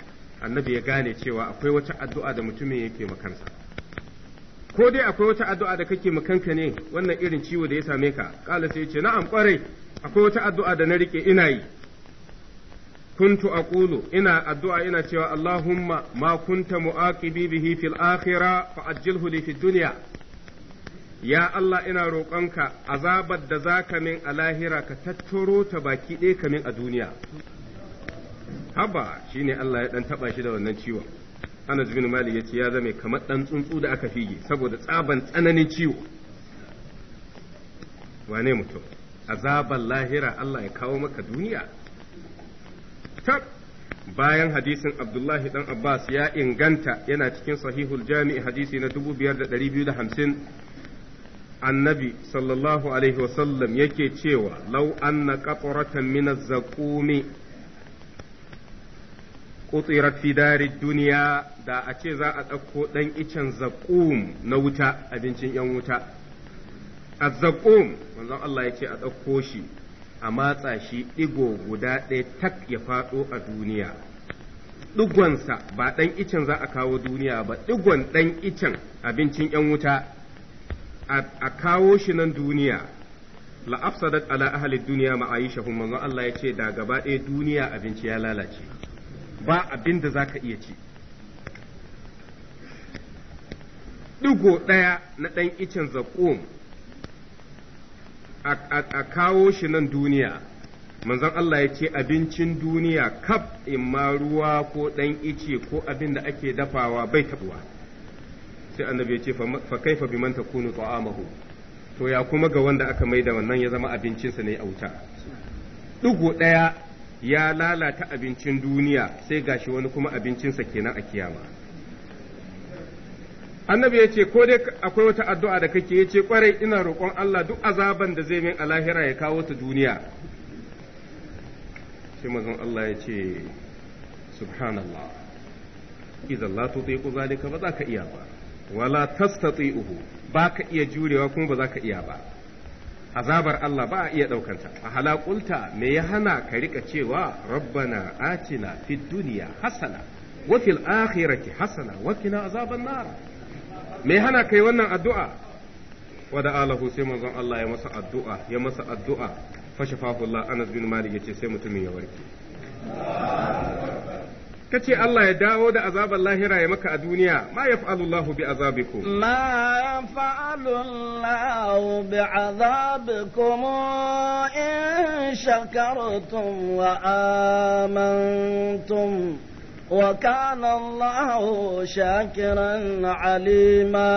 annabi ya gane cewa akwai wata addu'a da mutumin yake makansa ko dai akwai wata addu'a da kake makanka ne wannan irin ciwo da ya same ka kala sai ce na'am kwarai akwai wata addu'a da na rike ina yi kuntu aqulu ina addu'a ina cewa allahumma ma kunta mu'aqibi bihi fil akhirah fa ajilhu li fid dunya ya Allah ina roƙonka azabar da za ka min a lahira ka tattaro ta baki ɗaya ka min a duniya haba ne Allah ya ɗan taɓa shi da wannan ciwon Anas bin Mali ya ce ya zame kamar ɗan tsuntsu da aka fige saboda tsaban tsananin ciwo wane mutum azabar lahira Allah ya kawo maka duniya Ta bayan hadisin Abdullahi dan Abbas ya inganta yana cikin sahihul jami'i hadisi na 2250 annabi sallallahu alaihi wasallam yake cewa lau anna qatratan min az-zaqumi qutirat fi dari duniya da a ce za a ɗauko ɗan icen zaqum na wuta abincin yan wuta az-zaqum manzo Allah ya ce a ɗauko shi a matsa shi ɗigo guda ɗaya tak ya faɗo a duniya ɗigonsa ba ɗan icen za a kawo duniya ba ɗigon ɗan icen abincin yan wuta a kawo shi nan duniya la afsadat ala ahli duniya ma'aishahum manzo Allah ya da gaba ɗaya duniya abinci ya lalace ba abin da zaka iya ci digo ɗaya na ɗan icen zaƙom a kawo shi nan duniya manzon Allah yace abincin duniya kaf imma ruwa ko ɗan ice ko abin da ake dafawa bai taɓuwa. sai annabi ya ce fa kaifa biman takunu ta'amahu to ya kuma ga wanda aka mai da wannan ya zama abincinsa ne a wuta dugu daya ya lalata abincin duniya sai gashi wani kuma abincinsa kenan a kiyama annabi ya ce ko dai akwai wata addu'a da kake ya ce kwarai ina roƙon Allah duk azaban da zai min a lahira ya kawo ta duniya sai mazan Allah ya ce subhanallah idan la tutiqu zalika ba za ka iya ba wala tastati'uhu ba ka iya jurewa kuma ba za ka iya ba azabar Allah ba a iya ɗaukanta a halakulta me ya hana ka rika cewa rabbana atina fid duniya hasana wa fil akhirati hasana wa qina azaban nar me ya hana kai wannan addu'a wa da alahu sai manzon Allah ya masa addu'a ya masa addu'a fa shafahu Allah Anas bin Malik yace sai mutumin ya warke Ka ce Allah ya dawo da azabar lahira ya maka a duniya ma yaf'alu Allah bi azabiku. ma yaf'alu Allah bi azabikum in shakartum wa amantum وكان الله شاكرا عليما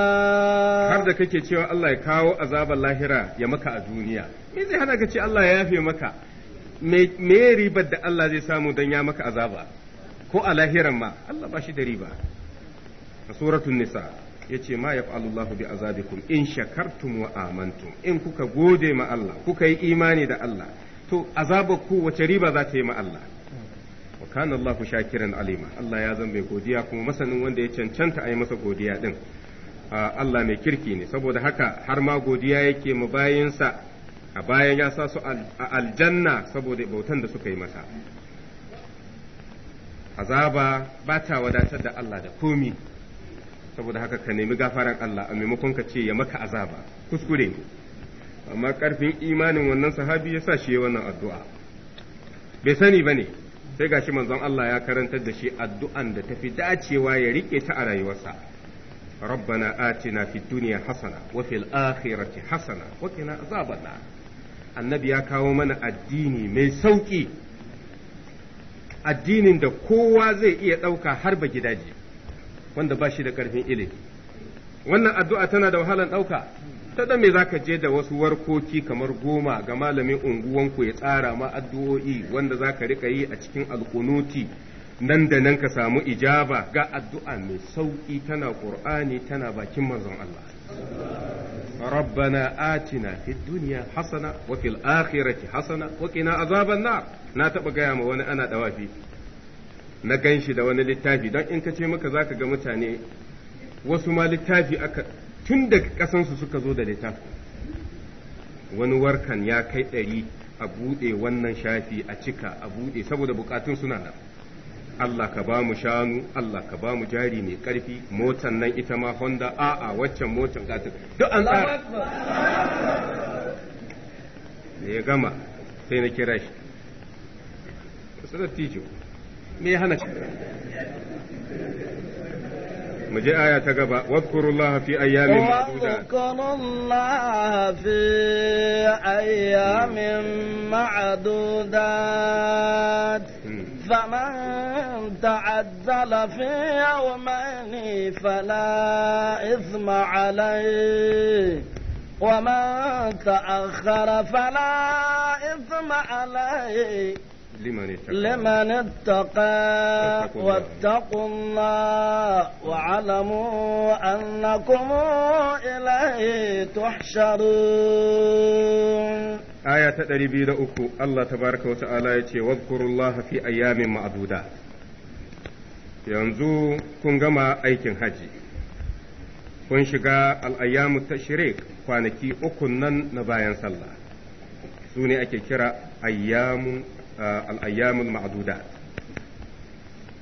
har da kake cewa Allah ya kawo azabar lahira ya maka a duniya me zai hana ka ce Allah ya yafe maka me ribar da Allah zai samu don ya maka azaba ko a lahiran ma Allah ba shi da riba a suratul nisa yace ma Allahu bi azabikum in shakartum wa amantum in kuka gode ma Allah kuka yi imani da Allah to azabar ku wace riba za ta yi ma Allah wa kana Allahu shakiran alima Allah ya zan mai godiya kuma masanin wanda ya cancanta a yi masa godiya din Allah mai kirki ne saboda haka har ma godiya yake ma bayinsa a bayan ya sa su a aljanna saboda bautan da suka yi masa azaba ba ta wadatar da Allah da komi saboda haka ka nemi gafaran Allah a maimakon ka ce ya maka azaba kuskure amma karfin imanin wannan sahabi ya sa shi ya wannan addu'a bai sani ba ne sai gashi manzon Allah ya karantar da shi addu'an da tafi dacewa ya rike ta a rayuwarsa rabbana atina fid dunya hasana wa fil akhirati hasana wa qina azabannar annabi ya kawo mana addini mai sauki addinin da kowa zai iya ɗauka har ba gidaje wanda ba shi da ƙarfin ilimi wannan addu'a tana da wahalan ɗauka ta da me za ka je da wasu warkoki kamar goma ga malamin unguwanku ya tsara ma addu'o'i wanda za ka riƙa yi a cikin alkunuti nan da nan ka samu ijaba ga addu'a mai sauƙi tana ƙur'ani tana bakin manzon Allah ربنا آتنا في الدنيا حسنة وفي الآخرة حسنة وقنا عذاب na taɓa gaya ma wani ana ɗawafi na ganshi da wani littafi don in ka ce maka zaka ga mutane wasu ma littafi aka tun daga ƙasansu suka zo da littafi wani warkan ya kai ɗari a buɗe wannan shafi a cika a buɗe saboda buƙatun suna nan Allah ka ba mu shanu Allah ka ba mu jari mai karfi motan nan ita ma Honda a'a waccan motan gata duk an tsara Me ya gama sai na kira shi kusa da tijo me ya hana مجي آية تقبى واذكروا الله في أيام معدودة واذكروا الله في أيام معدودات فمن تعزل في يومين فلا إثم عليه ومن تأخر فلا إثم عليه لمن اتقى لمن اتقى واتقوا الله واعلموا أنكم إليه تحشرون آية تدريبي أكو الله تبارك وتعالى واذكروا الله في أيام معدودة yanzu kun gama aikin haji kun shiga al'ayyamu tashrik kwanaki ukun nan na bayan sallah su ne ake kira ayyamun al'ayyamin ma'aduda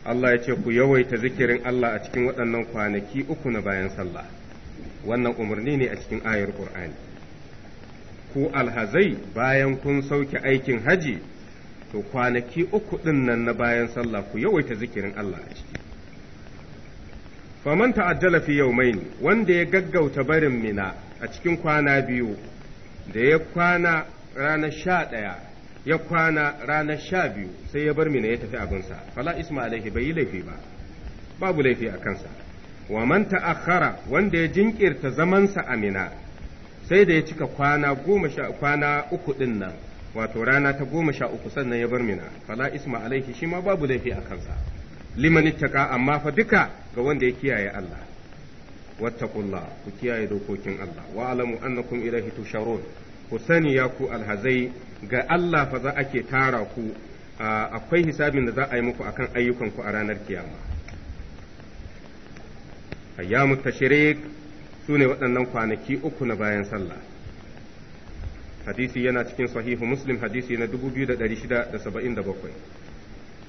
Allah ya ce ku yawaita zikirin Allah a cikin waɗannan kwanaki uku na bayan sallah wannan umarni ne a cikin ayar ƙur'ani ku alhazai bayan kun sauke aikin haji to kwanaki uku ɗin nan na bayan sallah ku yawaita zikirin Allah a ciki faman ta'ajjala fi ne wanda ya gaggauta barin mina a cikin kwana biyu da ya kwana ranar sha ɗaya ya kwana rana sha biyu sai ya bar mina ya tafi abinsa fala isma alaihi bai yi laifi ba babu laifi a kansa wa man ta'akhara wanda ya jinkirta zamansa a mina sai da ya cika kwana goma sha kwana uku din nan wato rana ta goma sha uku sannan ya bar mina fala isma alaihi shi ma babu laifi a kansa liman ittaka amma fa duka ga wanda ya kiyaye Allah wattaqullah ku kiyaye dokokin Allah wa alamu annakum ilaihi tusharun ku sani ya ku alhazai ga Allah fa za ke tara ku akwai hisabin da za a yi muku akan ayyukan ku a ranar kiyama ayyamu tashrik su ne waɗannan kwanaki uku na bayan sallah hadisi yana cikin sahihu muslim hadisi na 2677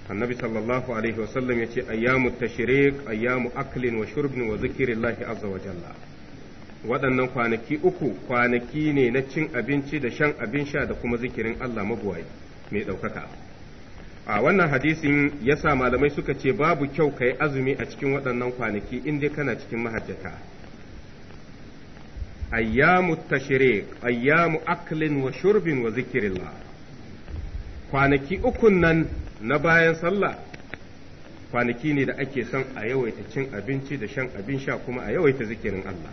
annabi sallallahu alaihi wasallam ya ayyamu tashrik ayyamu aklin wa shurbin wa zikirillahi azza wa jalla waɗannan kwanaki uku kwanaki ne na cin abinci da shan abin sha da kuma zikirin Allah magwai mai ɗaukaka. A wannan hadisin ya sa malamai suka ce babu kyau ka yi azumi a cikin waɗannan kwanaki in dai kana cikin mahajjata. Ayyamu tashrik ayyamu aklin wa shurbin wa zikirillah. Kwanaki ukun nan na bayan sallah kwanaki ne da ake son a yawaita cin abinci da shan abin sha kuma a yawaita zikirin Allah.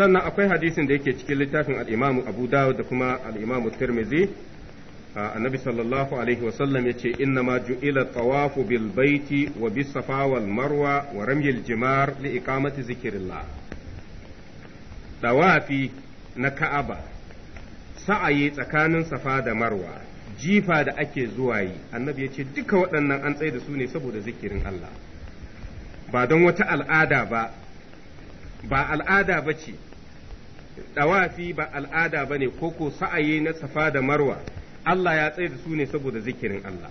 sannan akwai hadisin da yake cikin littafin alimam abu dawud da kuma alimam tirmizi annabi sallallahu alaihi wasallam ya ce inna ma ju'ila tawafu bil baiti wa bis safa wal marwa wa ramyil jimar li iqamati zikrillah dawafi na ka'aba sa'ayi tsakanin safa da marwa jifa da ake zuwa yi annabi ya ce duka waɗannan an tsaye da su ne saboda zikirin Allah ba don wata al'ada ba ba al'ada ba ce dawafi ba al'ada bane ko ko sa'ayi na safa da marwa Allah ya tsaye da su ne saboda zikirin Allah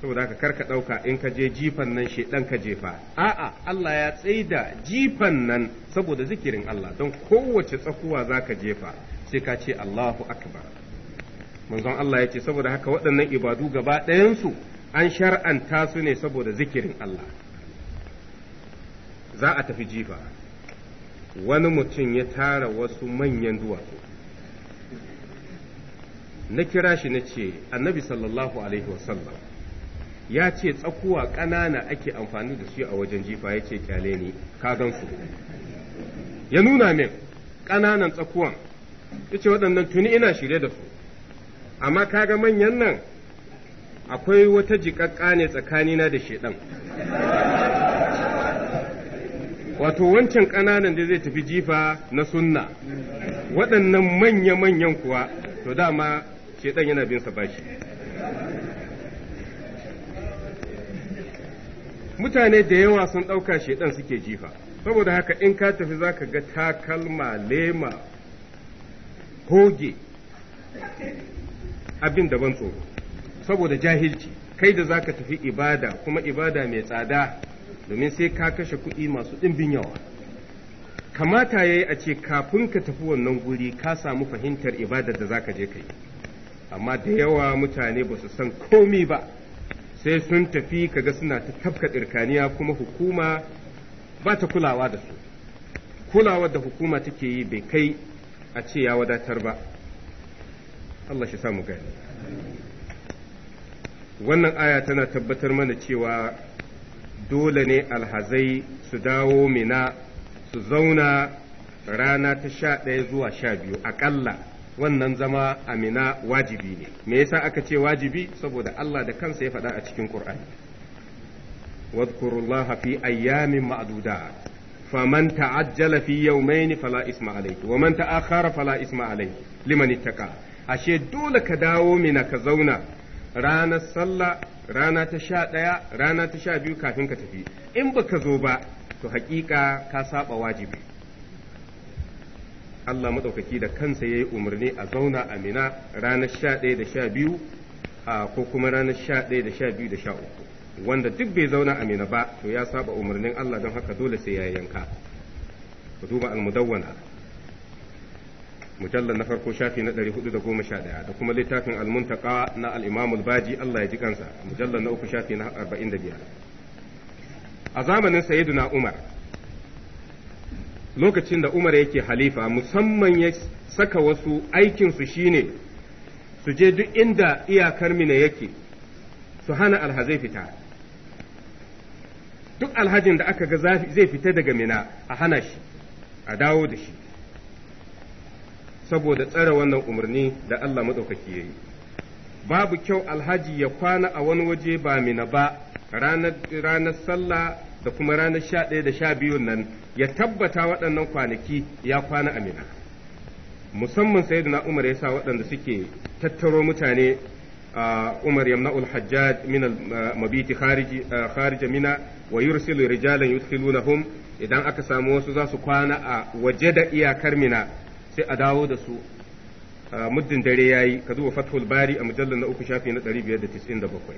saboda haka karka ɗauka in ka je jifan nan shedan ka jefa a'a Allah ya tsaye da jifan nan saboda zikirin Allah don kowace tsakuwa zaka jefa sai ka ce Allahu akbar manzon Allah ya ce saboda haka waɗannan ibadu gaba ɗayansu an shar'anta su ne saboda zikirin Allah za a tafi jifa wani mutum ya tara wasu manyan duwatsu na kira shi na ce annabi sallallahu alaihi wasallam ya ce tsakuwa ƙanana ake amfani da su a wajen jifa ya ce kyale ne, ka su'. ya nuna min ƙananan tsakuwan ya ce waɗannan tuni ina shirye da su amma kaga manyan nan akwai wata jiƙaƙƙa ne tsakanina da shaiɗan wato wancan ƙananan da zai tafi jifa na sunna waɗannan manya-manyan kuwa to dama shedan yana bin sa bashi mutane da yawa sun ɗauka shedan suke jifa saboda haka in ka tafi za ka ga takalma lema hoge abin daban tsoro saboda jahilci kai da za ka tafi ibada kuma ibada mai tsada domin sai ka kashe kuɗi masu ɗimbin yawa kamata ya yi a ce kafin ka tafi wannan guri ka samu fahimtar ibadar da za ka je ka yi amma da yawa mutane ba su san komi ba sai sun tafi kaga suna ta tafka tsirkaniya kuma hukuma ba ta kulawa da su kulawar da hukuma take yi bai kai a ce ya wadatar ba Allah shi samu gani wannan aya tana tabbatar mana cewa dole ne alhazai su dawo mina su zauna rana ta sha ɗaya zuwa sha biyu aƙalla wannan zama a mina wajibi ne me yasa aka ce wajibi saboda Allah da kansa ya faɗa a cikin Qur'ani wadhkurullaha fi ayyamin ma'dudat faman ta'ajjala fi yawmayn fala isma wa man ta'akhkhara fala isma alayhi liman ashe dole ka dawo mina ka zauna ranar sallah rana ta sha ɗaya rana ta sha biyu kafin ka tafi in baka zo ba to haƙiƙa ka saba wajibi Allah maɗaukaki da kansa ya yi umarni a zauna a mina ranar sha ɗaya da sha biyu ko kuma ranar sha ɗaya da sha biyu da sha uku wanda duk bai zauna a mina ba to ya saba umarnin Allah don haka dole sai ya yanka Ka duba almudawwana mujallar na farko shafi na 411 da kuma littafin almuntaka na al'imamul baji Allah ya ji kansa mujallar na uku shafi na 45 a zamanin sayyiduna umar lokacin da umar yake halifa musamman ya saka wasu aikinsu shine su je duk inda iyakar mina yake su hana alhazai fita duk alhajin da aka ga zai fita daga mina a hana shi a dawo da shi saboda tsare wannan umarni da Allah maɗaukaki ya yi. Babu kyau alhaji ya kwana a wani waje ba mina ba ranar sallah da kuma ranar sha ɗaya da sha biyun nan ya tabbata waɗannan kwanaki ya kwana a mina. Musamman sai da Umar ya sa waɗanda suke tattaro mutane Umar yamna hajjaj min mabiti kharija mina wa yursilu rijalan Hum idan aka samu wasu za su kwana a waje da iyakar mina sai a dawo da su muddin dare yayi ka zuwa fathul bari a mujallar na uku shafi na biyar da da tisin bakwai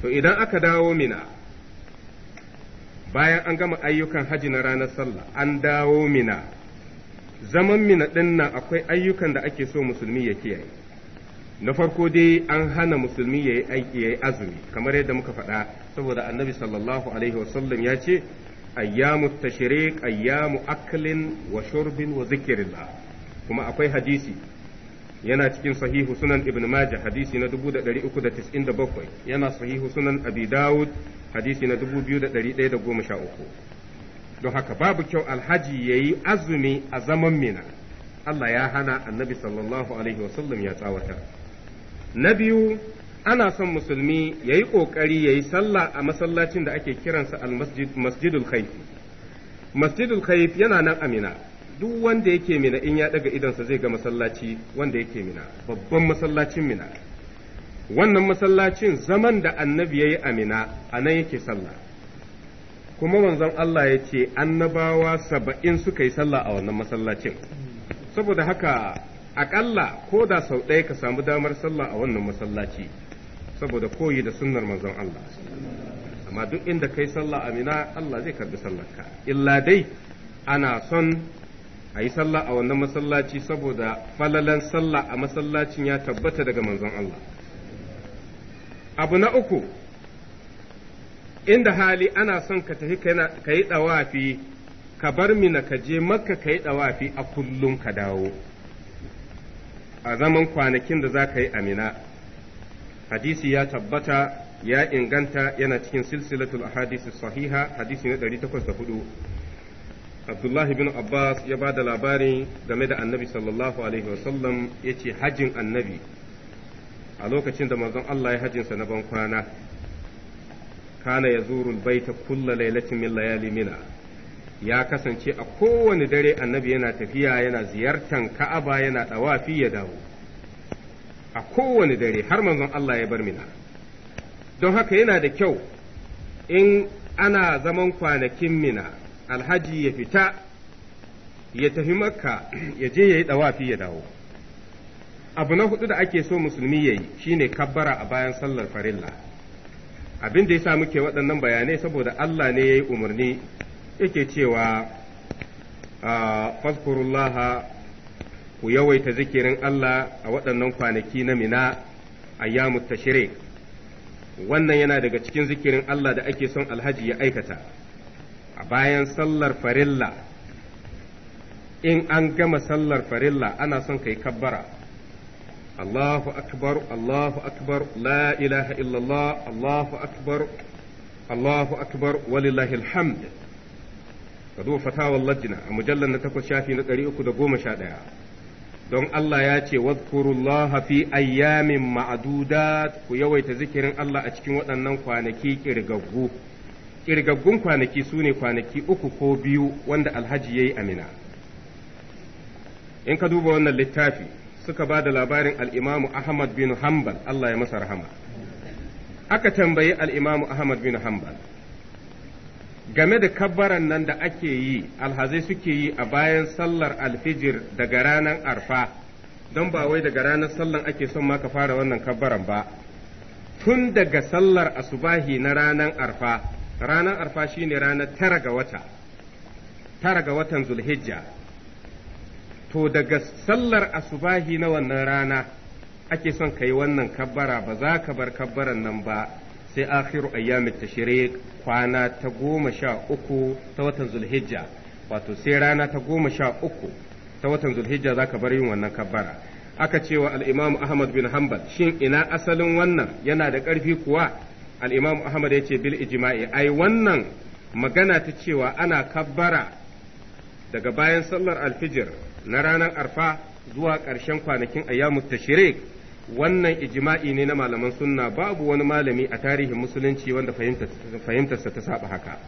to idan aka dawo mina bayan an gama ayyukan haji na ranar sallah an dawo mina zaman mina ɗin nan akwai ayyukan da ake so musulmi ya kiyaye na farko dai an hana musulmi ya ya yi azumi kamar yadda muka faɗa saboda annabi sallallahu alaihi wasallam ya ce ayyamu tashriq ayyamu aklin wa shurbin wa zikrillah kuma akwai hadisi yana cikin sahihu sunan ibn majah hadisi na 397 yana sahihu sunan abi dawud hadisi na 2113 don haka babu kyau alhaji yayi azumi a zaman Minna Allah ya hana annabi sallallahu alaihi wasallam ya tsawata na biyu ana son musulmi ya yi ƙoƙari ya yi sallah a masallacin da ake kiransa al-masjidul khayf masjidul khayf yana nan amina duk wanda yake mina in ya daga sa zai ga masallaci wanda yake mina babban masallacin mina wannan masallacin zaman da annabi ya yi amina a nan yake sallah kuma manzon Allah ya ce annabawa saba'in suka yi sallah a wannan masallacin saboda haka aƙalla ko da sau ɗaya ka samu damar sallah a wannan masallaci saboda koyi da sunnar manzon Allah amma duk inda kai sallah amina Allah zai karbi sallarka illa dai ana son a yi sallah a wannan masallaci saboda falalan sallah a masallacin ya tabbata daga manzon Allah abu na uku inda hali ana son ka tafi ka yi ɗawafi ka bar mina ka je makka ka yi ɗawafi a kullum ka dawo a zaman kwanakin da za ka yi amina hadisi ya tabbata ya inganta yana cikin silsilatul ahadisi sahiha hadisi na 804 Abdullahi bin Abbas ya ba da labari game da annabi sallallahu alaihi wasallam ya ce hajjin annabi a lokacin da manzon Allah ya hajjinsa na ban kwana kana ya zurul baita kulla lailatin min layali mina ya kasance a kowane dare annabi yana tafiya yana ziyartan ka'aba yana dawafi ya dawo a kowane dare har manzon Allah ya bar mina don haka yana da kyau in ana zaman kwanakin mina alhaji ya fita ya tafi makka ya je ya yi dawafi ya dawo abu na hudu da ake so musulmi ya yi shine kabbara a bayan sallar farilla abin da ya sa muke waɗannan bayanai saboda Allah ne ya yi umarni yake cewa ah, fazkurullaha ku yawaita zikirin Allah a waɗannan kwanaki na mina ayyamu tashrik wannan yana daga cikin zikirin Allah da ake son alhaji ya aikata a bayan sallar farilla in an gama sallar farilla ana son kai kabbara Allahu akbar Allahu akbar la ilaha illallah Allahu akbar Allahu akbar walillahi alhamd ka duba fatawar lajina a mujallar na takwas shafi na ɗari uku da goma sha ɗaya don Allah ya ce wadkurullah fi ayyamin ma'aduda ku yawaita zikirin Allah a cikin waɗannan kwanaki ƙirgaggu ƙirgaggun kwanaki su ne kwanaki uku ko biyu wanda alhaji ya yi amina in ka duba wannan littafi suka ba da labarin al'imamu Ahmad bin Hanbal Allah ya masa rahama aka tambayi al'imamu Ahmad bin Hanbal game da kabbaran nan da ake yi alhazai suke yi a bayan sallar alfijir daga ranar arfa don ba wai daga ranar sallan ake son ma ka fara wannan kabbaran ba tun daga sallar asubahi na ranar arfa ranar arfa shine ranar tara ga wata tara ga watan zulhijja to daga sallar asubahi na wannan rana ake son ka yi wannan kabbara ba za ka bar kabbaran nan ba sai akhiru ayyamit tashriq kwana ta goma sha uku ta watan zulhijja wato sai rana ta goma sha uku ta watan zulhijja zaka bar yin wannan kabbara aka cewa wa al ahmad bin hanbal shin ina asalin wannan yana da ƙarfi kuwa al'imam ahmad ya ce bil ijma'i ai wannan magana ta cewa ana kabbara daga bayan sallar alfijir na ranar arfa zuwa ƙarshen kwanakin ayyamut tashriq wannan ijma'i ne na malaman sunna babu wani malami a tarihin musulunci wanda fahimtarsa ta saba haka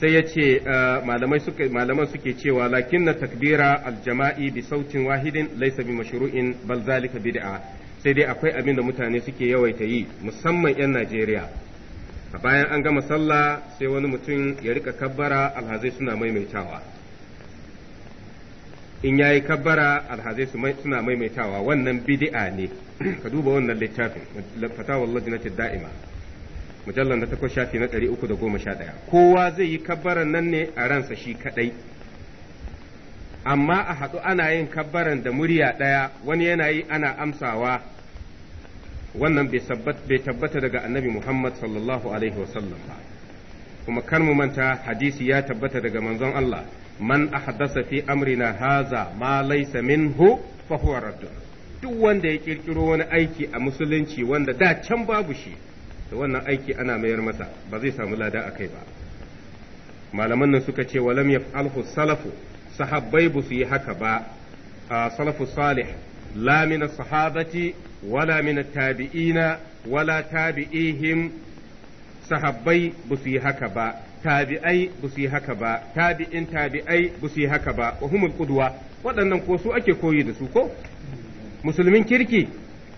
sai ya ce ah, malaman suke cewa lakin na takbira aljama'i bi sautin wahidin laisa bi mashru'in bal zalika bid'a sai dai akwai abin da mutane suke yawaita yi musamman 'yan Najeriya a bayan an gama sallah sai wani mutum ya rika kabbara alhazai suna maimaitawa in yayi kabbara alhazai suna maimaitawa wannan bid'a ne ka duba wannan littafin fatawar lajnati da'ima mujallar na takwas shafi na ɗari uku da goma sha ɗaya kowa zai yi kabbaran nan ne a ransa shi kaɗai amma a haɗu ana yin kabbaran da murya ɗaya wani yana yi ana amsawa wannan bai tabbata daga annabi muhammad sallallahu alaihi wasallam ba kuma kar mu manta hadisi ya tabbata daga manzon allah man ahdasa fi amrina haza ma laysa minhu fa huwa duk wanda ya kirkiro wani aiki a musulunci wanda da can babu shi da wannan aiki ana mayar masa ba zai samu lada a kai ba malaman nan suka ce walam yaf'alhu salafu sahabbai ba su yi haka ba salafu salih la min sahabati wala min tabi'ina wala tabi'ihim sahabbai ba su yi haka ba tabi'ai ba su yi haka ba tabi'in tabi'ai ba su yi haka ba wa humul qudwa waɗannan ko su ake koyi da su ko musulmin kirki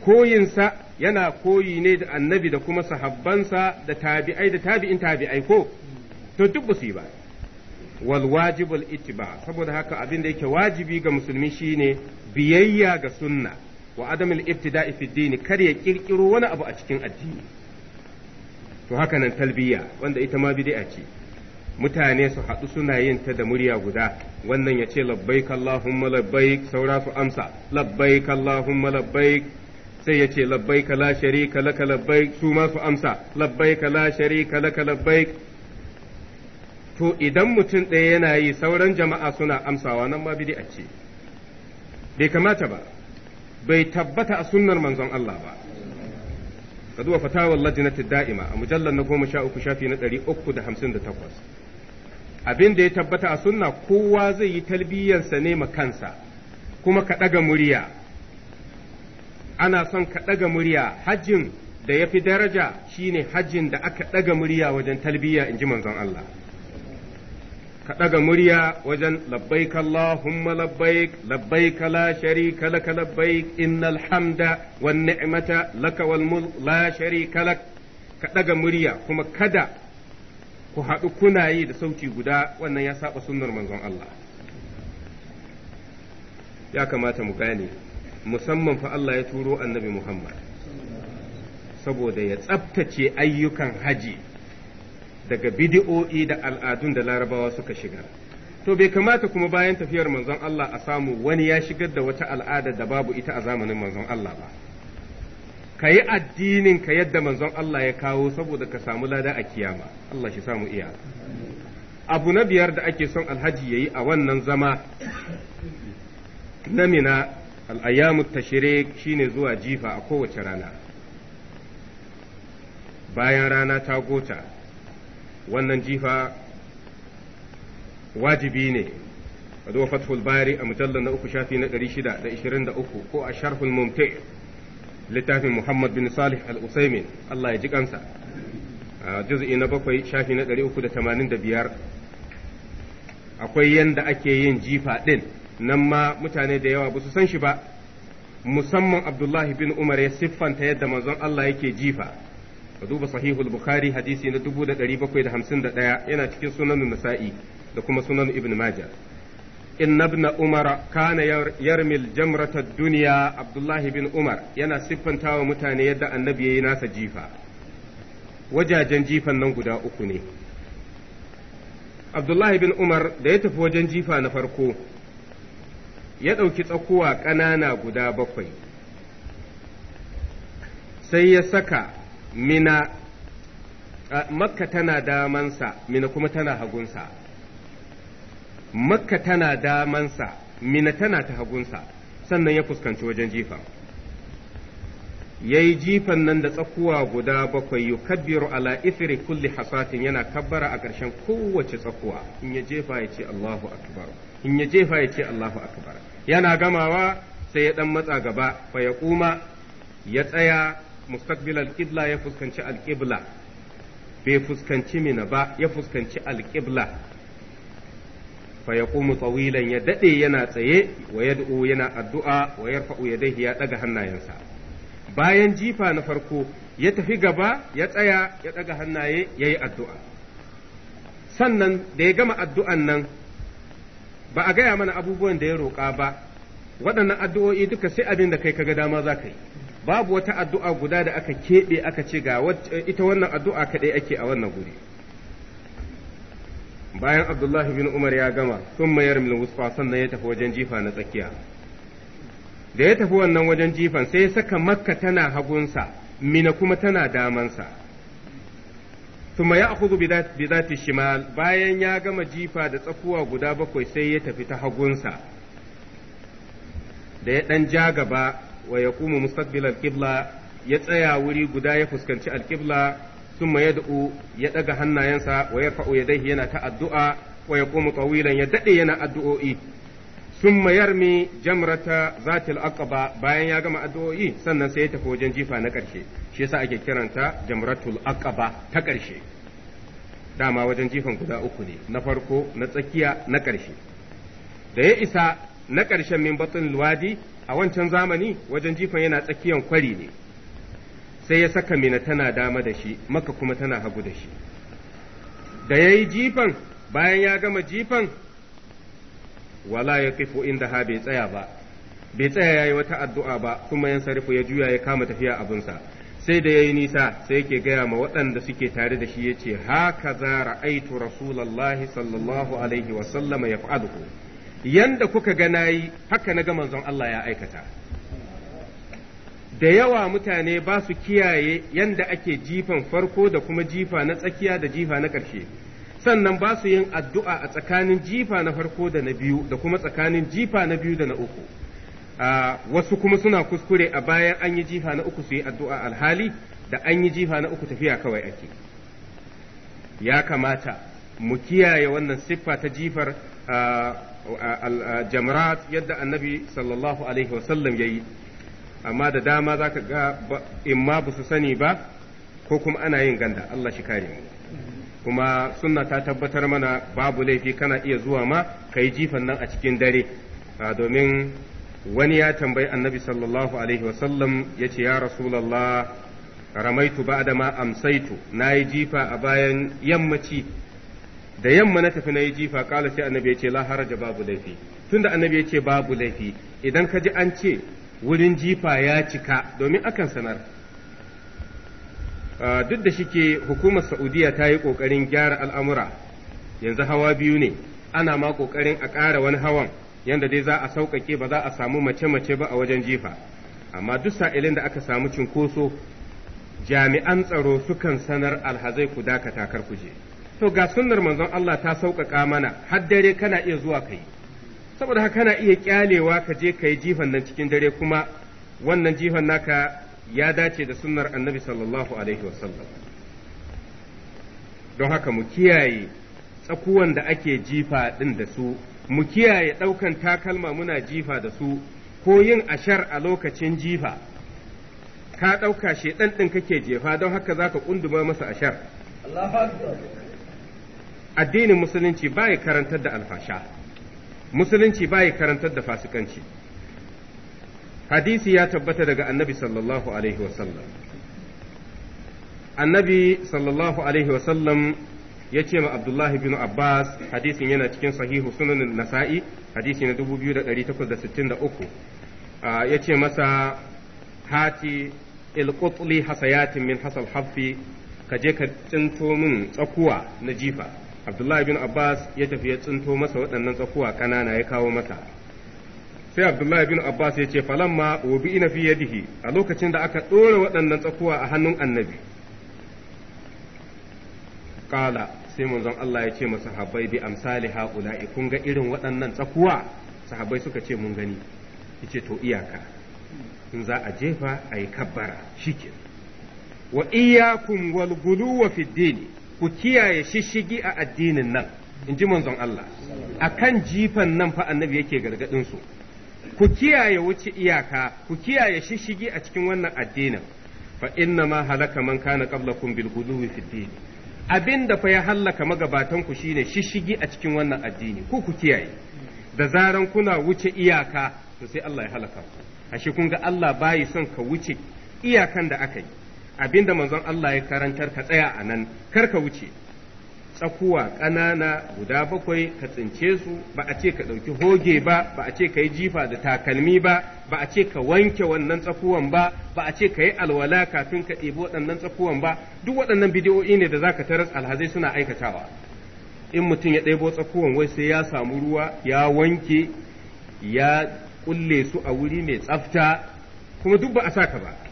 koyinsa yana koyi ne da annabi da kuma sahabbansa da tabi'ai da tabi'in tabi'ai ko to duk ba su yi ba wal wajibul ittiba saboda haka abin da yake wajibi ga musulmi shine biyayya ga sunna wa adamul ibtida'i fi dini kar ya kirkiro wani abu a cikin addini to haka nan talbiya wanda ita ma bid'a ce mutane su haɗu suna yin ta da murya guda wannan ya ce labbaik Allahumma labbaik saura su amsa labbaik Allahumma labbaik sai ya ce labbaik la sharika laka labbaik su ma su amsa labbaik la sharika laka labbaik to idan mutum ɗaya yana yi sauran jama'a suna amsawa nan ma bid'a ce bai kamata ba bai tabbata a sunnar manzon Allah ba ka zuwa fatawar lajinati da'ima a mujallar na goma sha uku shafi na ɗari uku da hamsin da takwas abin da ya tabbata a sunna kowa zai yi talbiyyarsa ne ma kansa kuma kaɗaga ɗaga murya ana son kaɗaga ɗaga murya hajjin da ya fi daraja shine hajjin da aka ɗaga murya wajen talbiya in ji manzon Allah ka ɗaga murya wajen labbaik Allahumma labbaik labbaik la shari laka labbaik innal hamda wan ni'mata laka wal mulk la shari lak ka ɗaga murya kuma kada ku haɗu kuna yi da sauti guda wannan ya saba sunnar manzon Allah ya kamata mu gane musamman fa Allah ya turo annabi Muhammad saboda ya tsabtace ayyukan haji daga bidi'o'i da al'adun da larabawa suka shiga to bai kamata kuma bayan tafiyar manzon Allah a samu wani ya shigar da wata al'ada da babu ita a zamanin manzon Allah ba ka yi addinin ka yadda manzon Allah ya kawo saboda ka samu lada a kiyama Allah shi samu iya abu na biyar da ake son alhaji ya yi a wannan zama na mina al'ayyamu tashire shine zuwa jifa a kowace rana bayan rana ta gota wannan jifa wajibi ne a zo fathul bari a mujallar na uku shafi na ɗari shida da ishirin da uku ko a sharhul mumti littafin muhammad bin salih al-usaimin allah ya ji kansa a juz'i na bakwai shafi na ɗari uku da tamanin da biyar akwai yanda ake yin jifa ɗin nan ma mutane da yawa ba su san shi ba musamman abdullahi bin umar ya siffanta yadda manzon allah yake jifa ka duba sahihul bukhari hadisi na 1751 yana cikin sunan nasa'i da kuma sunan ibn maja in ibn umar kana yarmil jamrata duniya abdullahi bin umar yana siffantawa mutane yadda annabi yayi nasa jifa wajajen jifan nan guda uku ne abdullahi bin umar da ya tafi wajen jifa na farko ya ɗauki tsakuwa ƙanana guda bakwai sai ya saka mina makka tana damansa mina kuma tana hagunsa makka tana damansa mina tana ta hagunsa sannan ya fuskanci wajen jifa ya yi jifan nan da tsakuwa guda bakwai yukabbiru ala ithri kulli hasatin yana kabbara a ƙarshen kowace tsakuwa in ya jefa ya ce Allahu akbar in ya jefa ya ce Allahu akbar yana gamawa sai ya dan matsa gaba fa ya kuma ya tsaya mustaqbil alqibla ya fuskanci alqibla bai fuskanci mina ba ya fuskanci alqibla fa yaqumu tawilan ya dade yana tsaye wa yad'u yana addu'a wa yarfa'u yadayhi ya daga hannayensa bayan jifa na farko ya tafi gaba ya tsaya ya daga hannaye yayi addu'a sannan da ya gama addu'an nan ba a gaya mana abubuwan da ya roƙa ba waɗannan addu'o'i duka sai abin da kai kaga dama za ka yi babu wata addu'a guda da aka keɓe aka ce ga ita wannan addu'a kaɗai ake a wannan guri bayan abdullahi bin umar ya gama sun mayar wusfa sannan ya tafi wajen jifa na tsakiya da ya tafi wannan wajen jifan sai ya saka makka tana hagunsa mina kuma tana damansa kuma ya akuzu bidati shimal bayan ya gama jifa da tsakuwa guda bakwai sai ya tafi ta hagunsa da ya ɗan ja gaba wa ya kuma mustaqbil al-qibla ya tsaya wuri guda ya fuskanci al-qibla ya yad'u ya daga hannayensa wa ya ya yadaihi yana ta addu'a wa ya kuma tawilan ya dade yana addu'o'i thumma yarmi jamrata zatil aqaba bayan ya gama addu'o'i sannan sai ya tafi wajen jifa na karshe shi yasa ake kiranta jamratul aqaba ta karshe dama wajen jifan guda uku ne na farko na tsakiya na karshe da ya isa na ƙarshen min batun luwadi, a wancan zamani wajen jifan yana tsakiyan kwari ne sai ya saka mina tana dama da shi maka kuma tana hagu da shi da ya yi jifan bayan ya gama jifan wala ya kifo inda ha bai tsaya ba bai tsaya ya yi wata addu'a ba kuma yan sarifu ya juya ya kama tafiya abunsa sai da ya yi nisa sai yake gaya ma waɗanda suke tare da shi ya ce haka za ra'aitu rasulallah sallallahu alaihi wasallama ya fa'aduhu yanda kuka ga yi haka na ga manzon Allah ya aikata da yawa mutane ba su kiyaye yanda ake jifan farko da kuma jifa na tsakiya da jifa na ƙarshe sannan ba su yin addu'a a tsakanin jifa na farko da na biyu da kuma tsakanin jifa na biyu da na uku wasu kuma suna kuskure a bayan an yi jifa na uku su yi addu'a alhali da an yi jifa na uku tafiya kawai ake ya kamata mu kiyaye wannan siffa ta jifar jamrat yadda annabi sallallahu alaihi wasallam ya yi amma da dama za ka ga imma ba su sani ba ko kuma ana yin ganda Allah shi kare mu kuma sunna ta tabbatar mana babu laifi kana iya zuwa ma ka yi jifan nan a cikin dare domin wani ya tambayi annabi sallallahu alaihi wasallam ya ce ya rasulallah ramaitu ba da ma amsaitu na yi jifa a bayan yammaci da yamma na tafi na yi jifa kala sai annabi ya ce la haraja babu laifi tunda annabi ya ce babu laifi idan ka ji an ce wurin jifa ya cika domin akan sanar ah, duk da shike hukumar saudiya ta yi ƙoƙarin gyara al'amura yanzu hawa biyu ne ana ma ƙoƙarin a ƙara wani hawan yanda dai za a sauƙaƙe ba za a samu mace-mace ba a wajen jifa amma duk sa'ilin da aka samu cinkoso jami'an tsaro sukan sanar alhazai ku dakata kar ku je to ga sunnar manzon Allah ta sauƙaƙa mana har dare kana iya zuwa kai saboda haka kana iya ƙyalewa ka je kai jifan nan cikin dare kuma wannan jifan naka ya dace da sunnar annabi sallallahu alaihi wasallam don haka mu kiyaye tsakuwan da ake jifa ɗin da su mu kiyaye ɗaukan takalma muna jifa da su ko yin ashar a lokacin jifa ka ɗauka shedan ɗin kake jefa don haka zaka ka ƙunduma masa ashar addinin musulunci ba ya karantar da alfasha musulunci ba ya karantar da fasikanci hadisi ya tabbata daga annabi sallallahu alaihi wasallam annabi sallallahu alaihi wasallam ya ce ma abdullahi bin abbas hadisin yana cikin sahihu sunanin nasa'i hadisi na 2863 ya ce masa hati ilkutli hasayatin min hasal haffi ka je ka tsinto min tsakuwa na jifa abdullahi bin abbas ya tafi ya tsinto masa waɗannan tsakuwa ƙanana ya kawo masa sai abdullahi bin abbas ya ce falamma bi ina fi yadihi a lokacin da aka ɗora waɗannan tsakuwa a hannun annabi kala sai manzon Allah ya ce ma sahabai bi amsali haula'i kun ga irin waɗannan tsakuwa sahabbai suka ce mun gani ce to iyaka in za a jefa a yi kabbara shike wa iyyakum wal guluwa fid dini ku kiyaye shishigi a addinin nan in ji manzon Allah a kan jifan nan fa annabi yake gargadin su ku kiyaye wuce iyaka ku kiyaye shishigi a cikin wannan addinin fa inna ma halaka man kana qablakum bil ghuluwi fi din abinda fa ya hallaka magabatan ku shine shishigi a cikin wannan addini ku ku kiyaye da zaran kuna wuce iyaka to sai Allah ya halaka ashe kun ga Allah bayi son ka wuce iyakan da aka yi abinda manzon Allah ya karantar ka tsaya a nan kar ka wuce tsakuwa ƙanana guda bakwai ka tsince su ba a ce ka ɗauki hoge ba ba a ce ka yi jifa da takalmi ba ba a ce ka wanke wannan tsakuwan ba ba a ce ka yi alwala kafin ka ɗebi waɗannan tsakuwan ba duk waɗannan bidiyo'i ne da za ka taras alhazai suna aikatawa in mutum ya ɗebo tsakuwan wai sai ya samu ruwa ya wanke ya kulle su a wuri mai tsafta kuma duk ba a sa ka ba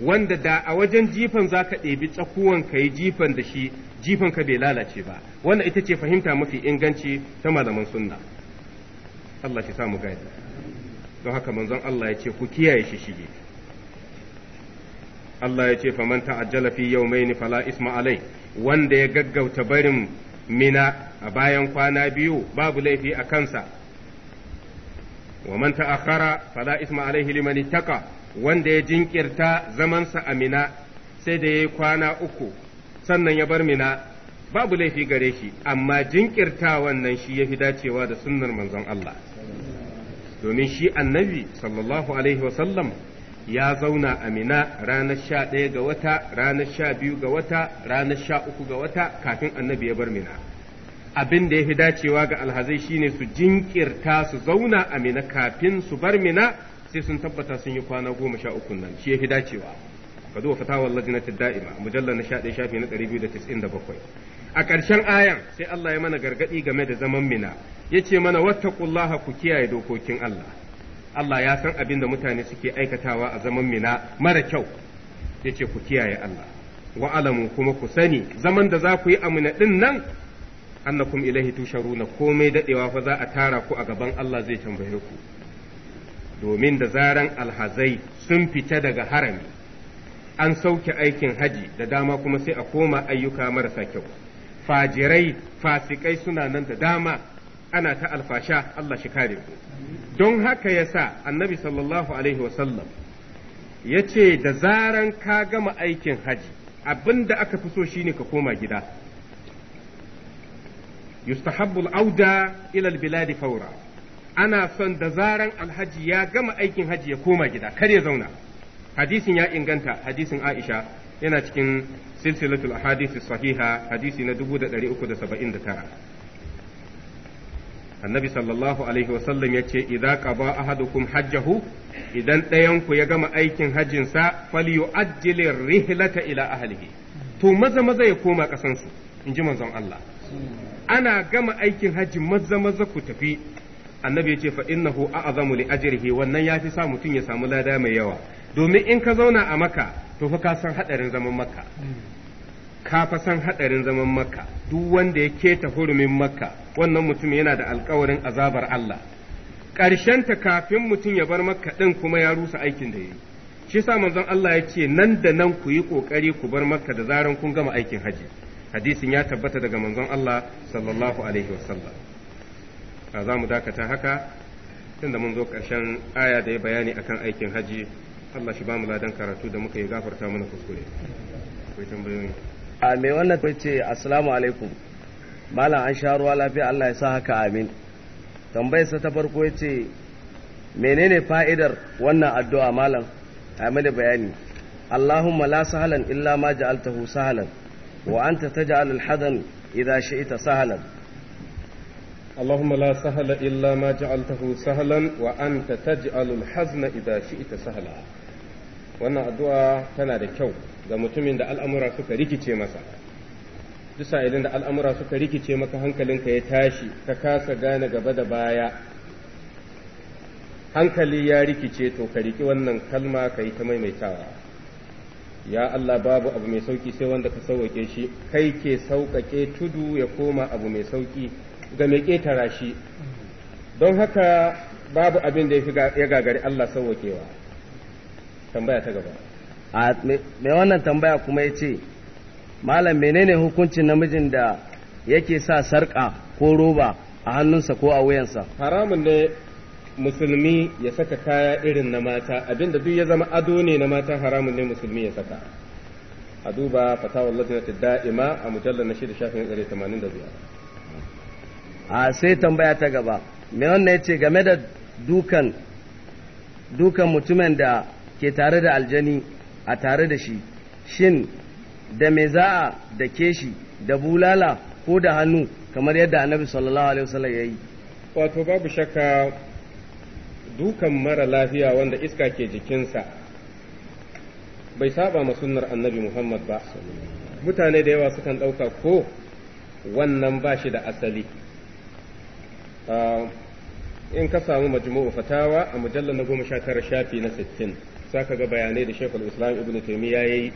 wanda da a wajen jifan za ka ɗebi tsakuwan ka yi jifan da shi jifan ka bai lalace ba wannan ita ce fahimta mafi inganci ta malaman sunna Allah shi samu gani don haka manzon Allah ya ce ku kiyaye shi shige Allah ya ce faman ta'ajjala fi yawmayn fala isma alai wanda ya gaggauta barin mina a bayan kwana biyu babu laifi a kansa wa man ta'akhara fala isma alaihi liman ittaqa wanda ya jinkirta zamansa a mina sai da ya yi kwana uku sannan ya bar mina babu laifi gare shi amma jinkirta wannan shi ya fi dacewa da sunnar manzon Allah domin shi annabi sallallahu alaihi wasallam ya zauna a mina ranar sha ɗaya ga wata ranar sha biyu ga wata ranar sha uku ga wata kafin annabi ya bar mina abin da ya fi dacewa ga alhazai shine su jinkirta su zauna a mina kafin su bar mina sai sun tabbata sun yi kwana goma sha uku nan shi ya fi dacewa ka zuwa fatawar lajinatul da'ima mujallar na sha ɗaya shafi na ɗari biyu da da bakwai a ƙarshen ayan sai Allah ya mana gargaɗi game da zaman mina ya ce mana wattaqullaha ku kiyaye dokokin Allah Allah ya san abin da mutane suke aikatawa a zaman mina mara kyau ya ce ku kiyaye Allah wa'alamu kuma ku sani zaman da za ku yi a mina ɗin nan annakum ilahi tusharuna komai daɗewa fa za a tara ku a gaban Allah zai tambaye ku domin da zaran alhazai sun fita daga harami an sauke aikin haji da dama kuma sai a koma ayyuka marasa kyau fajirai fasikai suna nan da dama ana ta alfasha Allah shi kare ku don haka yasa annabi sallallahu alaihi wasallam ya ce da zaran ka gama aikin haji abin da aka fi so shine ka koma gida yustahabbul auda ila biladi faura ana son da zaran alhaji ya gama aikin haji ya koma gida kar ya zauna hadisin ya inganta hadisin Aisha yana cikin silsilatul ahadisi sahiha hadisi na 1379 annabi sallallahu alaihi sallam ya ce idza qaba ahadukum hajjahu idan ɗayanku ya gama aikin hajjinsa falyu'ajjil rihlata ila ahlihi to maza maza ya koma kasansu in ji manzon Allah ana gama aikin hajji maza maza ku tafi annabi ya ce fa innahu a'zamu li ajrihi wannan yafi sa mutum ya samu lada mai yawa domin in ka zauna a makka to fa ka san hadarin zaman makka ka fa san hadarin zaman makka duk wanda ya keta hurumin makka wannan mutum yana da alkawarin azabar Allah Ƙarshen ta kafin mutum ya bar makka din kuma ya rusa aikin da ya yi shi sa manzon Allah ya ce nan da nan ku yi kokari ku bar makka da zaran kun gama aikin haji hadisin ya tabbata daga manzon Allah sallallahu alaihi wasallam za mu dakata haka tunda mun zo ƙarshen aya da ya bayani akan aikin haji Allah shi ba mu ladan karatu da muka yi gafarta mana kuskure akwai tambayoyi a me wannan ta ce assalamu alaikum malam an sha ruwa lafiya Allah ya sa haka amin tambayarsa ta farko ya ce menene fa'idar wannan addu'a malam a da bayani Allahumma la sahalan illa ma ja'altahu sahalan wa anta taj'alul hadan idza shi'ta sahalan اللهم لا سهل إلا ما جعلته سهلا وأنت تجعل الحزن إذا شئت سهلا wannan addu'a tana da kyau ga mutumin da al'amura suka rikice masa duk da al'amura suka rikice maka hankalinka ya tashi ka kasa gane gaba da baya hankali ya rikice to ka riki wannan kalma ka yi ta maimaitawa ya Allah babu abu mai sauki sai wanda ka sauwake shi kai ke sauƙaƙe tudu ya koma abu mai sauƙi. ga mai ƙetara shi don haka babu abin da ya gagari Allah sauwakewa tambaya ta gaba a mai wannan tambaya kuma ya ce malam menene hukuncin namijin da yake sa sarƙa ko roba a hannunsa ko a wuyansa haramun ne musulmi ya saka kaya irin na mata abinda duk ya zama ado ne na mata haramun ne musulmi ya saka a duba fatawar lajinatu da'ima a mujallar na shida shafin 185 a sai tambaya ta gaba me wannan ya ce game da dukan mutumin da ke tare da aljani a tare da shi shin da me za a da ke shi da bulala ko da hannu kamar yadda annabi sallallahu alaihi wasallam ya yi wato babu shakka dukan mara lafiya wanda iska ke jikinsa bai saba ma sunnar annabi muhammad ba mutane da yawa sukan ɗauka ko wannan ba shi da asali Ah, in ka samu majmu'u fatawa a mujallar na goma sha shafi na sittin za ka ga bayanai da shekul islam ibn taimi ya yi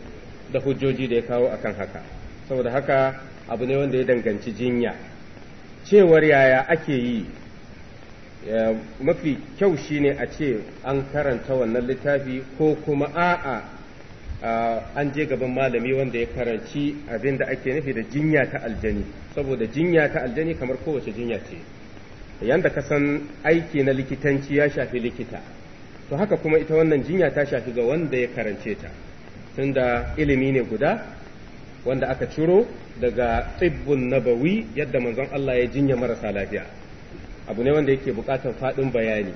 da hujjoji da ya kawo akan haka saboda haka abu ne wanda ya danganci jinya cewar yaya ake yi mafi kyau shine a ce an karanta wannan littafi ko kuma a'a an je gaban malami wanda ya karanci abin da ake nufi da jinya ta aljani saboda jinya ta aljani kamar kowace jinya ce yanda ka san aiki na likitanci ya shafi likita to haka kuma ita wannan jinya ta shafi ga wanda ya karance ta tunda ilimi ne guda wanda aka ciro daga tsibbin nabawi yadda manzon Allah ya jinya marasa lafiya abu ne wanda yake buƙatar faɗin bayani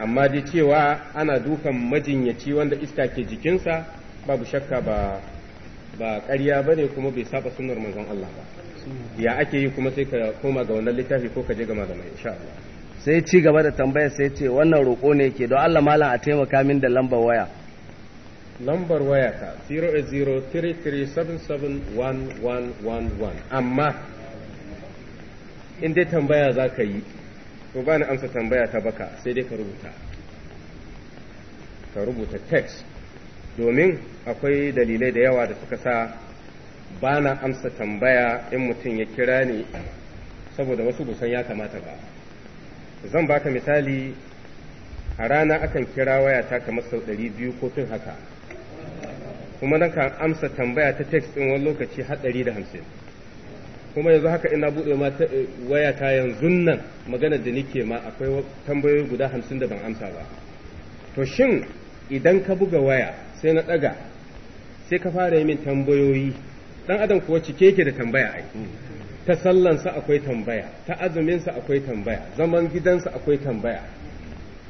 amma dai cewa ana dukan majinyaci wanda iska ke jikinsa babu shakka ba ba ƙarya bane kuma bai saba sunnar manzon Allah ba ya ake yi kuma sai ka koma ga wannan littafi ko ka je ga malamai insha Allah sai ci gaba da tambayar sai ce wannan roƙo ne ke don Allah malam a taimaka min da lambar waya lambar waya ta 0803377111 amma in dai tambaya za ka yi to ba amsa tambaya ta baka sai dai ka rubuta ka rubuta text domin akwai dalilai da yawa da suka sa ba na amsa tambaya in mutum ya kira ni saboda wasu busan ya kamata ba zan baka misali a rana akan kira wayata kamar sau ɗari biyu ko tun haka kuma na kan amsa tambaya ta text ɗin wani lokaci har ɗari da hamsin kuma yanzu haka ina buɗe ma wayata yanzu nan maganar da nike ma akwai tambayoyi guda hamsin da ban amsa ba to shin idan ka buga waya sai na ɗaga sai ka fara yi min tambayoyi dan adam kuwa cike yake da tambaya ai hmm. ta sallansa akwai tambaya ta azuminsa akwai tambaya zaman gidansa akwai tambaya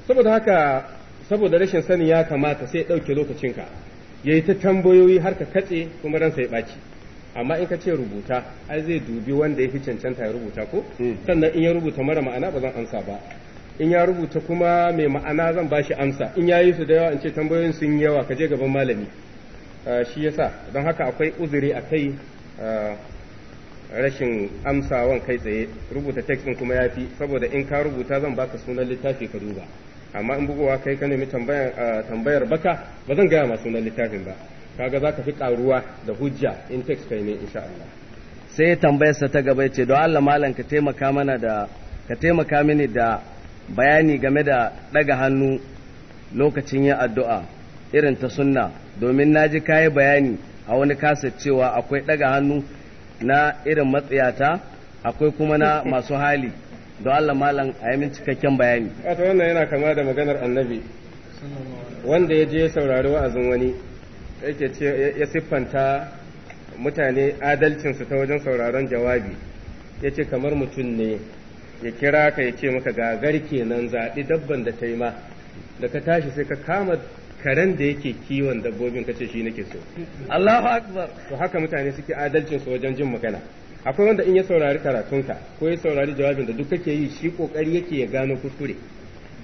saboda haka saboda rashin sani ya kamata sai ɗauke lokacinka ya yi ta tambayoyi har ka katse kuma ransa ya ɓaci amma in ka ce rubuta ai zai dubi wanda ya fi cancanta ya rubuta ko hmm. sannan in ya rubuta mara ma'ana ba zan amsa ba in ya rubuta kuma mai ma'ana zan ba shi amsa in ya yi su da yawa in ce tambayoyin sun yawa ka je gaban malami Eh, shi yasa don haka akwai uzuri a kai eh, rashin amsawan kai tsaye rubuta text kuma ya saboda in ka rubuta zan baka sunan littafi ka duba amma in bugowa kai ka nemi eh, tambayar baka ba zan gaya ma sunan littafin ba kaga za ka fi karuwa da hujja in text kai ne insha Allah sai tambayarsa ta gaba ce don Allah malam ka taimaka mana da ka taimaka mini da bayani game da daga hannu lokacin yin addu'a irin ta sunna domin na ji kayi bayani a wani kasa cewa akwai ɗaga hannu na irin matsiyata akwai kuma na masu hali don Allah malam a min cikakken bayani. Wato eh, wannan yana kama da maganar annabi wanda ya je saurari wa'azin wani yake ce ya siffanta mutane adalcinsu ta wajen sauraron jawabi ya ce kamar mutum ne ya kira ka ya ce maka gagar kenan zaɓi dabban da ta yi ma da ka tashi sai ka kama karen da yake kiwon dabbobin kace shi nake so Allahu akbar to haka mutane suke adalcin su wajen jin magana akwai wanda in ya saurari karatunka ko ya saurari jawabin da duk kake yi shi kokari yake ya gano kuskure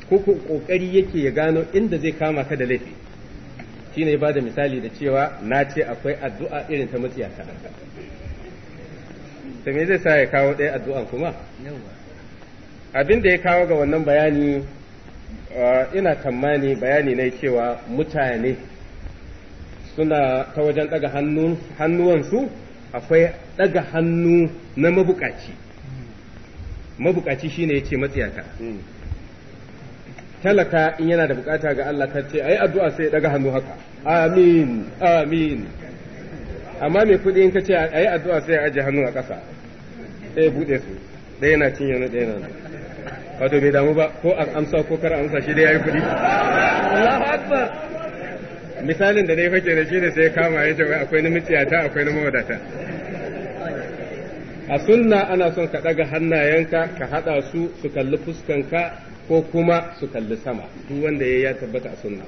ko kokari yake ya gano inda zai kama ka da laifi shine ya bada misali da cewa na ce akwai addu'a irin ta mutsiyata to me zai sa ya kawo ɗaya addu'an kuma abin da ya kawo ga wannan bayani Ah, ina tamani bayani ne cewa mutane suna ta wajen ɗaga hannuwansu akwai ɗaga hannu na mabukaci mabukaci shine yace matsiyaka hmm. talaka in yana da bukata ga Allah ka ce ai addu'a sai daga hannu haka amin amin amma mai kudi in ka ce ai addu'a sai ya aje hannu a ƙasa sai bude su ɗaya na cinye na ɗaya na wato bai damu ba ko an amsa ko kar amsa shi dai yayi kuɗi Allahu akbar misalin da dai fake da shi ne sai kama ya ce akwai na ta akwai na mawadata a sunna ana son ka ɗaga hannayenka ka haɗa su su kalli fuskanka ko kuma su kalli sama duk wanda ya ya tabbata a sunna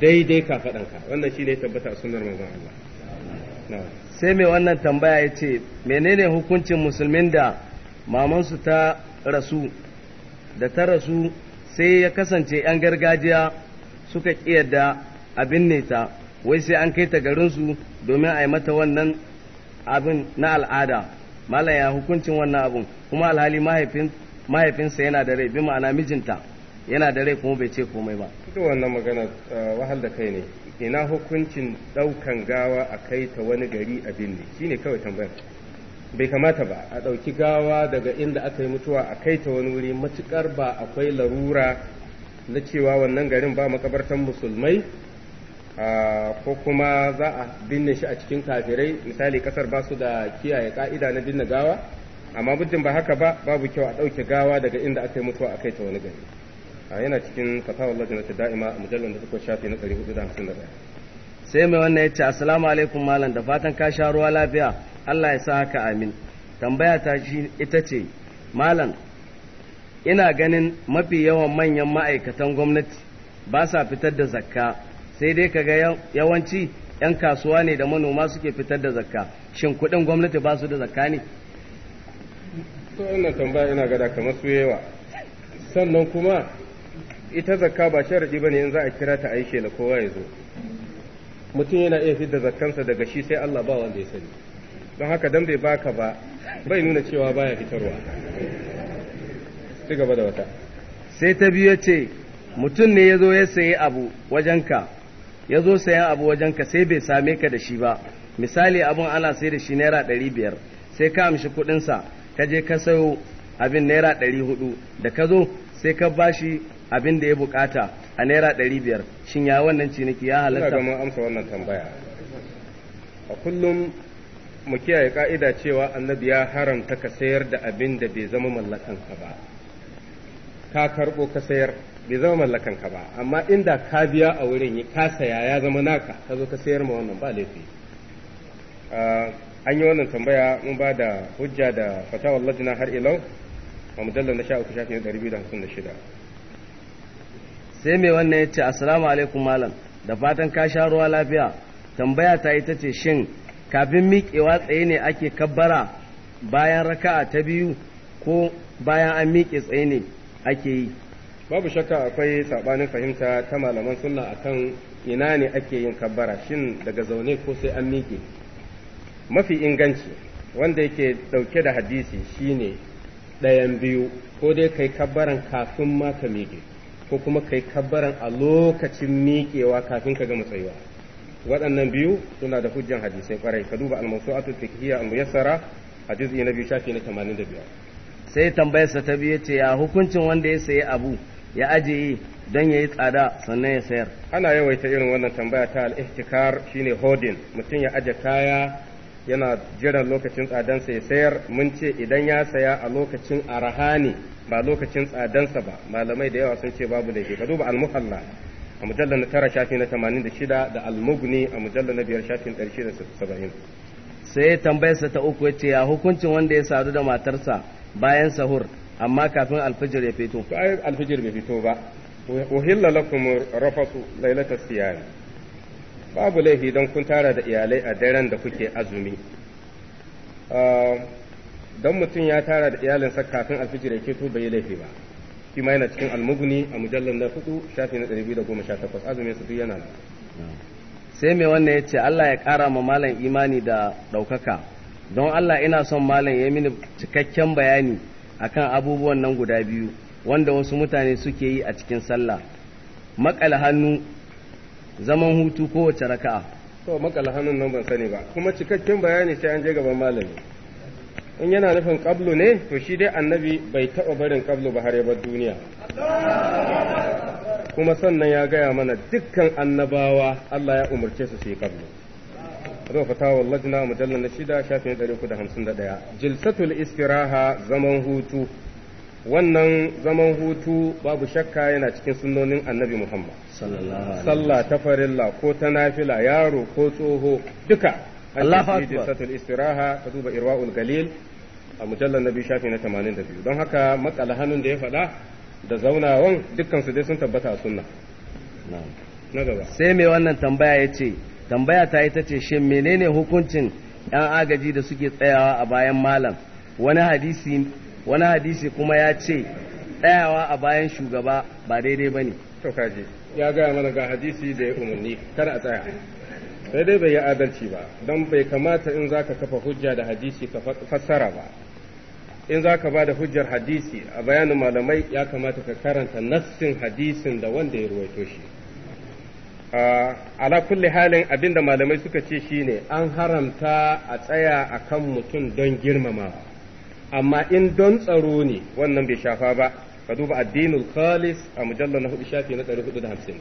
daidai ka faɗanka wannan shi ne ya tabbata a sunnar manzon Allah sai mai wannan tambaya ya ce menene hukuncin musulmin da mamansu ta rasu da ta rasu sai ya kasance 'yan gargajiya suka ƙiyarda abin nesa ta wai sai an kai ta garinsu domin a yi mata wannan abin na al'ada malaya ya hukuncin wannan abin kuma alhali mahaifinsa yana da rai bi ma'ana mijinta yana da rai kuma bai ce komai ba duk wannan magana ah, wahal da kai ne ina hukuncin ɗaukan gawa a kai ta wani gari abin ne shine kawai tambayar bai kamata ba a ɗauki gawa daga inda aka yi mutuwa a kai ta wani wuri matuƙar ba akwai larura na cewa wannan garin ba makabartan musulmai ko kuma za a binne shi a cikin kafirai misali ƙasar ba su da kiyaye ƙa'ida na binne gawa amma muddin ba haka ba babu kyau a ɗauke gawa daga inda aka yi mutuwa a kai ta wani gari a yana cikin fatawar Allah ta da'ima a mujallar da suka shafi na 451 sai mai wannan yace assalamu alaikum malam da fatan ka sha ruwa lafiya Allah ya sa haka amin tambaya ta shi ita ce malam ina ganin mafi yawan manyan ma'aikatan gwamnati ba sa fitar da zakka sai dai kaga yawanci 'yan kasuwa ne da manoma suke fitar da zakka shin kuɗin gwamnati ba su da zakka ne to wannan tambaya ina gada kamar su yawa sannan kuma ita zakka ba sharadi bane in za a kira ta aishe la kowa ya zo mutum yana iya fitar da zakkansa daga shi sai Allah ba wanda ya sani don haka dan bai baka ba bai nuna cewa baya fitarwa da wata sai ta biyu ce mutum ne ya zo ya sayi abu wajenka ya zo sayan abu wajenka sai bai same ka da shi ba misali abun ana sai da shi naira ɗari biyar sai ka amshi kuɗinsa ka je ka sayo abin naira ɗari hudu da ka zo sai ka bashi abin da ya bukata a naira ɗari biyar shin ya wannan ciniki ya halatta? A kullum mu kiyaye ka'ida cewa annabi ya haramta ka sayar da abin da bai zama mallakanka ba ka karɓo ka sayar bai zama mallakanka ba amma inda ka biya a wurin ka saya ya zama naka ka zo ka sayar ma wannan ba laifi ah, an yi wannan tambaya mun ba da hujja da fatawar lajina har ilau a mujallar na sha uku shafin ɗari biyu da hamsin da shida sai mai wannan ya ce assalamu alaikum malam da fatan ka sha ruwa lafiya tambaya ta ita ce shin kafin miƙewa tsaye ne ake kabbara bayan raka'a ta biyu ko bayan an miƙe tsaye ne ake yi babu shakka akwai saɓanin fahimta ta malaman suna akan ina ne ake yin kabbara shin daga zaune ko sai an miƙe mafi inganci wanda yake ɗauke da hadisi shine ɗayan biyu ko dai kai kabbaran kafin ma ka miƙe ko kuma kai kabbaran a lokacin miƙewa kafin ka gama tsayuwa waɗannan biyu suna da hujjan hadisai kwarai ka duba al-mawsu'atu fiqhiyya al-muyassara a juz'i na biyu shafi na 85 sai tambayarsa ta biyu ce ya hukuncin wanda ya sayi abu ya ajiye don ya yi tsada sannan ya sayar ana yawaita irin wannan tambaya ta al-ihtikar shine holding mutum ya aje kaya yana jiran lokacin tsadansa ya sayar mun ce idan ya saya a lokacin arha ba lokacin tsadansa ba malamai da yawa sun ce babu laifi ka duba al a mujallar na tara shafi na tamanin da shida da almugni a mujallar na biyar na ɗari shida saba'in sai tambayarsa ta uku ce ya hukuncin wanda ya sadu da matarsa bayan sahur amma kafin alfijir ya fito Ko ai alfijir bai fito ba uhilla lakum rafasu lailatas siyam babu laifi don kun tara da iyalai a daren da kuke azumi ah, don mutum ya tara da iyalinsa kafin alfijir ya fito bai yi laifi ba shi ma yana cikin almuguni a mujallar na hudu shafi na takwas azumin su yana sai mai wannan ya ce Allah ya ƙara ma malam imani da ɗaukaka don Allah ina son malam ya mini cikakken bayani akan abubuwan nan guda biyu wanda wasu mutane suke yi a cikin sallah makal hannu zaman hutu kowace raka'a to makal hannun nan ban sani ba kuma cikakken bayani sai an je gaban malami in yana nufin ƙablu ne to shi dai annabi bai taɓa barin qablu ba har ya bar duniya kuma sannan ya gaya mana dukkan annabawa Allah ya umarce su su yi qablu zo fatawa lajna mujallal na shida shafin ɗaya? jilsatul istiraha zaman hutu wannan zaman hutu babu shakka yana cikin sunnonin annabi Muhammad sallah ta farilla ko ta nafila yaro ko tsoho duka Allahu akbar satul istiraha ka duba irwaul galil a mujallar nabi shafi na 82 don haka makala hannun da ya faɗa da zaunawan dukkan dai sun tabbata a sunna na gaba sai mai wannan tambaya ya ce tambaya ta ita ce shin menene hukuncin yan agaji da suke tsayawa a bayan malam wani hadisi kuma ya ce tsayawa a bayan shugaba ba daidai bane to ya gaya mana ga hadisi da ya umarni kar a tsaya sai dai bai yi adalci ba don bai kamata in za ka kafa hujja da hadisi ka fassara ba in za ka ba da hujjar hadisi a bayanin malamai ya kamata ka karanta nassin hadisin da wanda ya ruwaito shi ala kulli halin abinda malamai suka ce shine an haramta a tsaya a kan mutum don girmamawa amma in don tsaro ne wannan bai shafa ba ka duba addinul khalis a mujallar na hudu shafi na hamsin.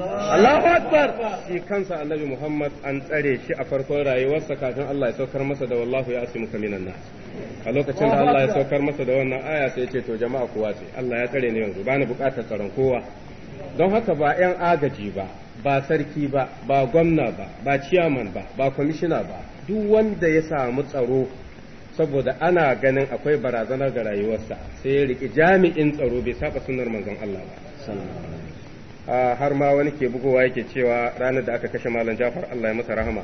Allahu akbar shi kansa annabi Muhammad an tsare shi a farkon rayuwarsa kafin Allah ya saukar masa da wallahu ya asimu kaminan a lokacin da Allah ya saukar masa da wannan aya sai ce to jama'a kowa ce Allah ya tsare ni yanzu Bani buƙatar bukatar tsaron kowa don haka ba yan agaji ba ba sarki ba ba gwamna ba ba ciyaman ba ba kwamishina ba duk wanda ya samu tsaro saboda ana ganin akwai barazanar ga rayuwarsa sai ya jami'in tsaro bai saba sunar manzon Allah ba ah, har ma wani ke bugowa yake cewa ranar da aka kashe malam Jafar Allah ya masa rahama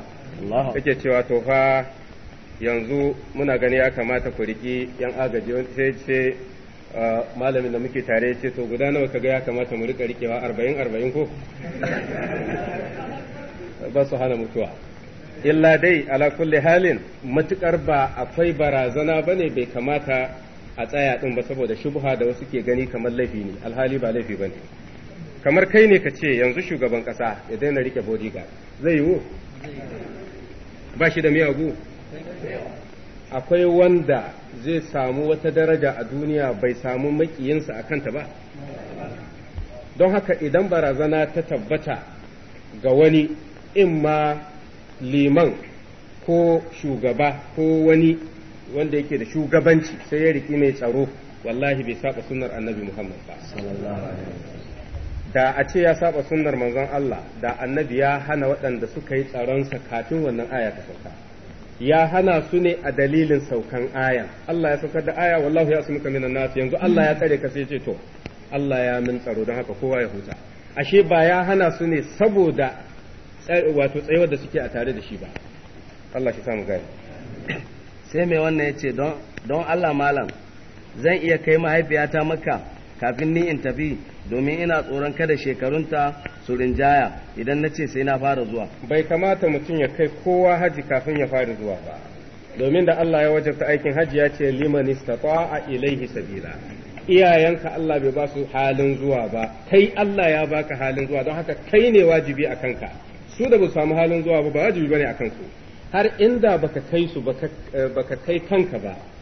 yake cewa to fa yanzu muna gani ya kamata ku riki yan agaji sai sai ah, malamin da muke tare ce to guda nawa kaga ya kamata mu rika riƙewa arba'in arba'in ko ba su hana mutuwa illa dai ala kulli halin matukar ba akwai barazana bane bai kamata a tsaya din ba saboda shubha da wasu ke gani kamar laifi ne alhali ba laifi bane kamar kai ne ka ce yanzu shugaban kasa ya daina rike bodyguard zai yiwu ba shi da miyagu akwai wanda zai samu wata daraja a duniya bai samu makiyinsa a kanta ba don haka idan barazana ta tabbata ga wani in ma liman ko shugaba ko wani wanda yake da shugabanci sai ya riki mai tsaro wallahi bai saba sunnar annabi Muhammad ba da a ce ya saba sunnar manzon Allah da annabi ya hana waɗanda suka yi tsaronsa kafin wannan aya ta sauka ya hana su ne a dalilin saukan aya Allah ya saukar da aya wallahu ya asmuka minan nas yanzu Allah ya tsare ka sai ce to Allah ya min tsaro don haka kowa ya huta ashe ba ya hana su ne saboda wato tsayuwar da suke a tare da shi ba Allah shi samu gari. sai mai wannan ya ce don Allah malam zan iya kai mahaifiyata maka kafin ni in tafi domin ina tsoron kada shekarunta su rinjaya idan na ce sai na fara zuwa bai kamata mutum ya kai kowa haji kafin ya fara zuwa ba domin da Allah ya wajabta aikin haji ya ce liman istata'a ilaihi sabila iyayenka Allah bai ba su halin zuwa ba kai Allah ya baka halin zuwa don haka kai ne wajibi a kanka su da ba samu halin zuwa ba ba wajibi bane akan su har inda baka kai su baka eh, kai kanka ba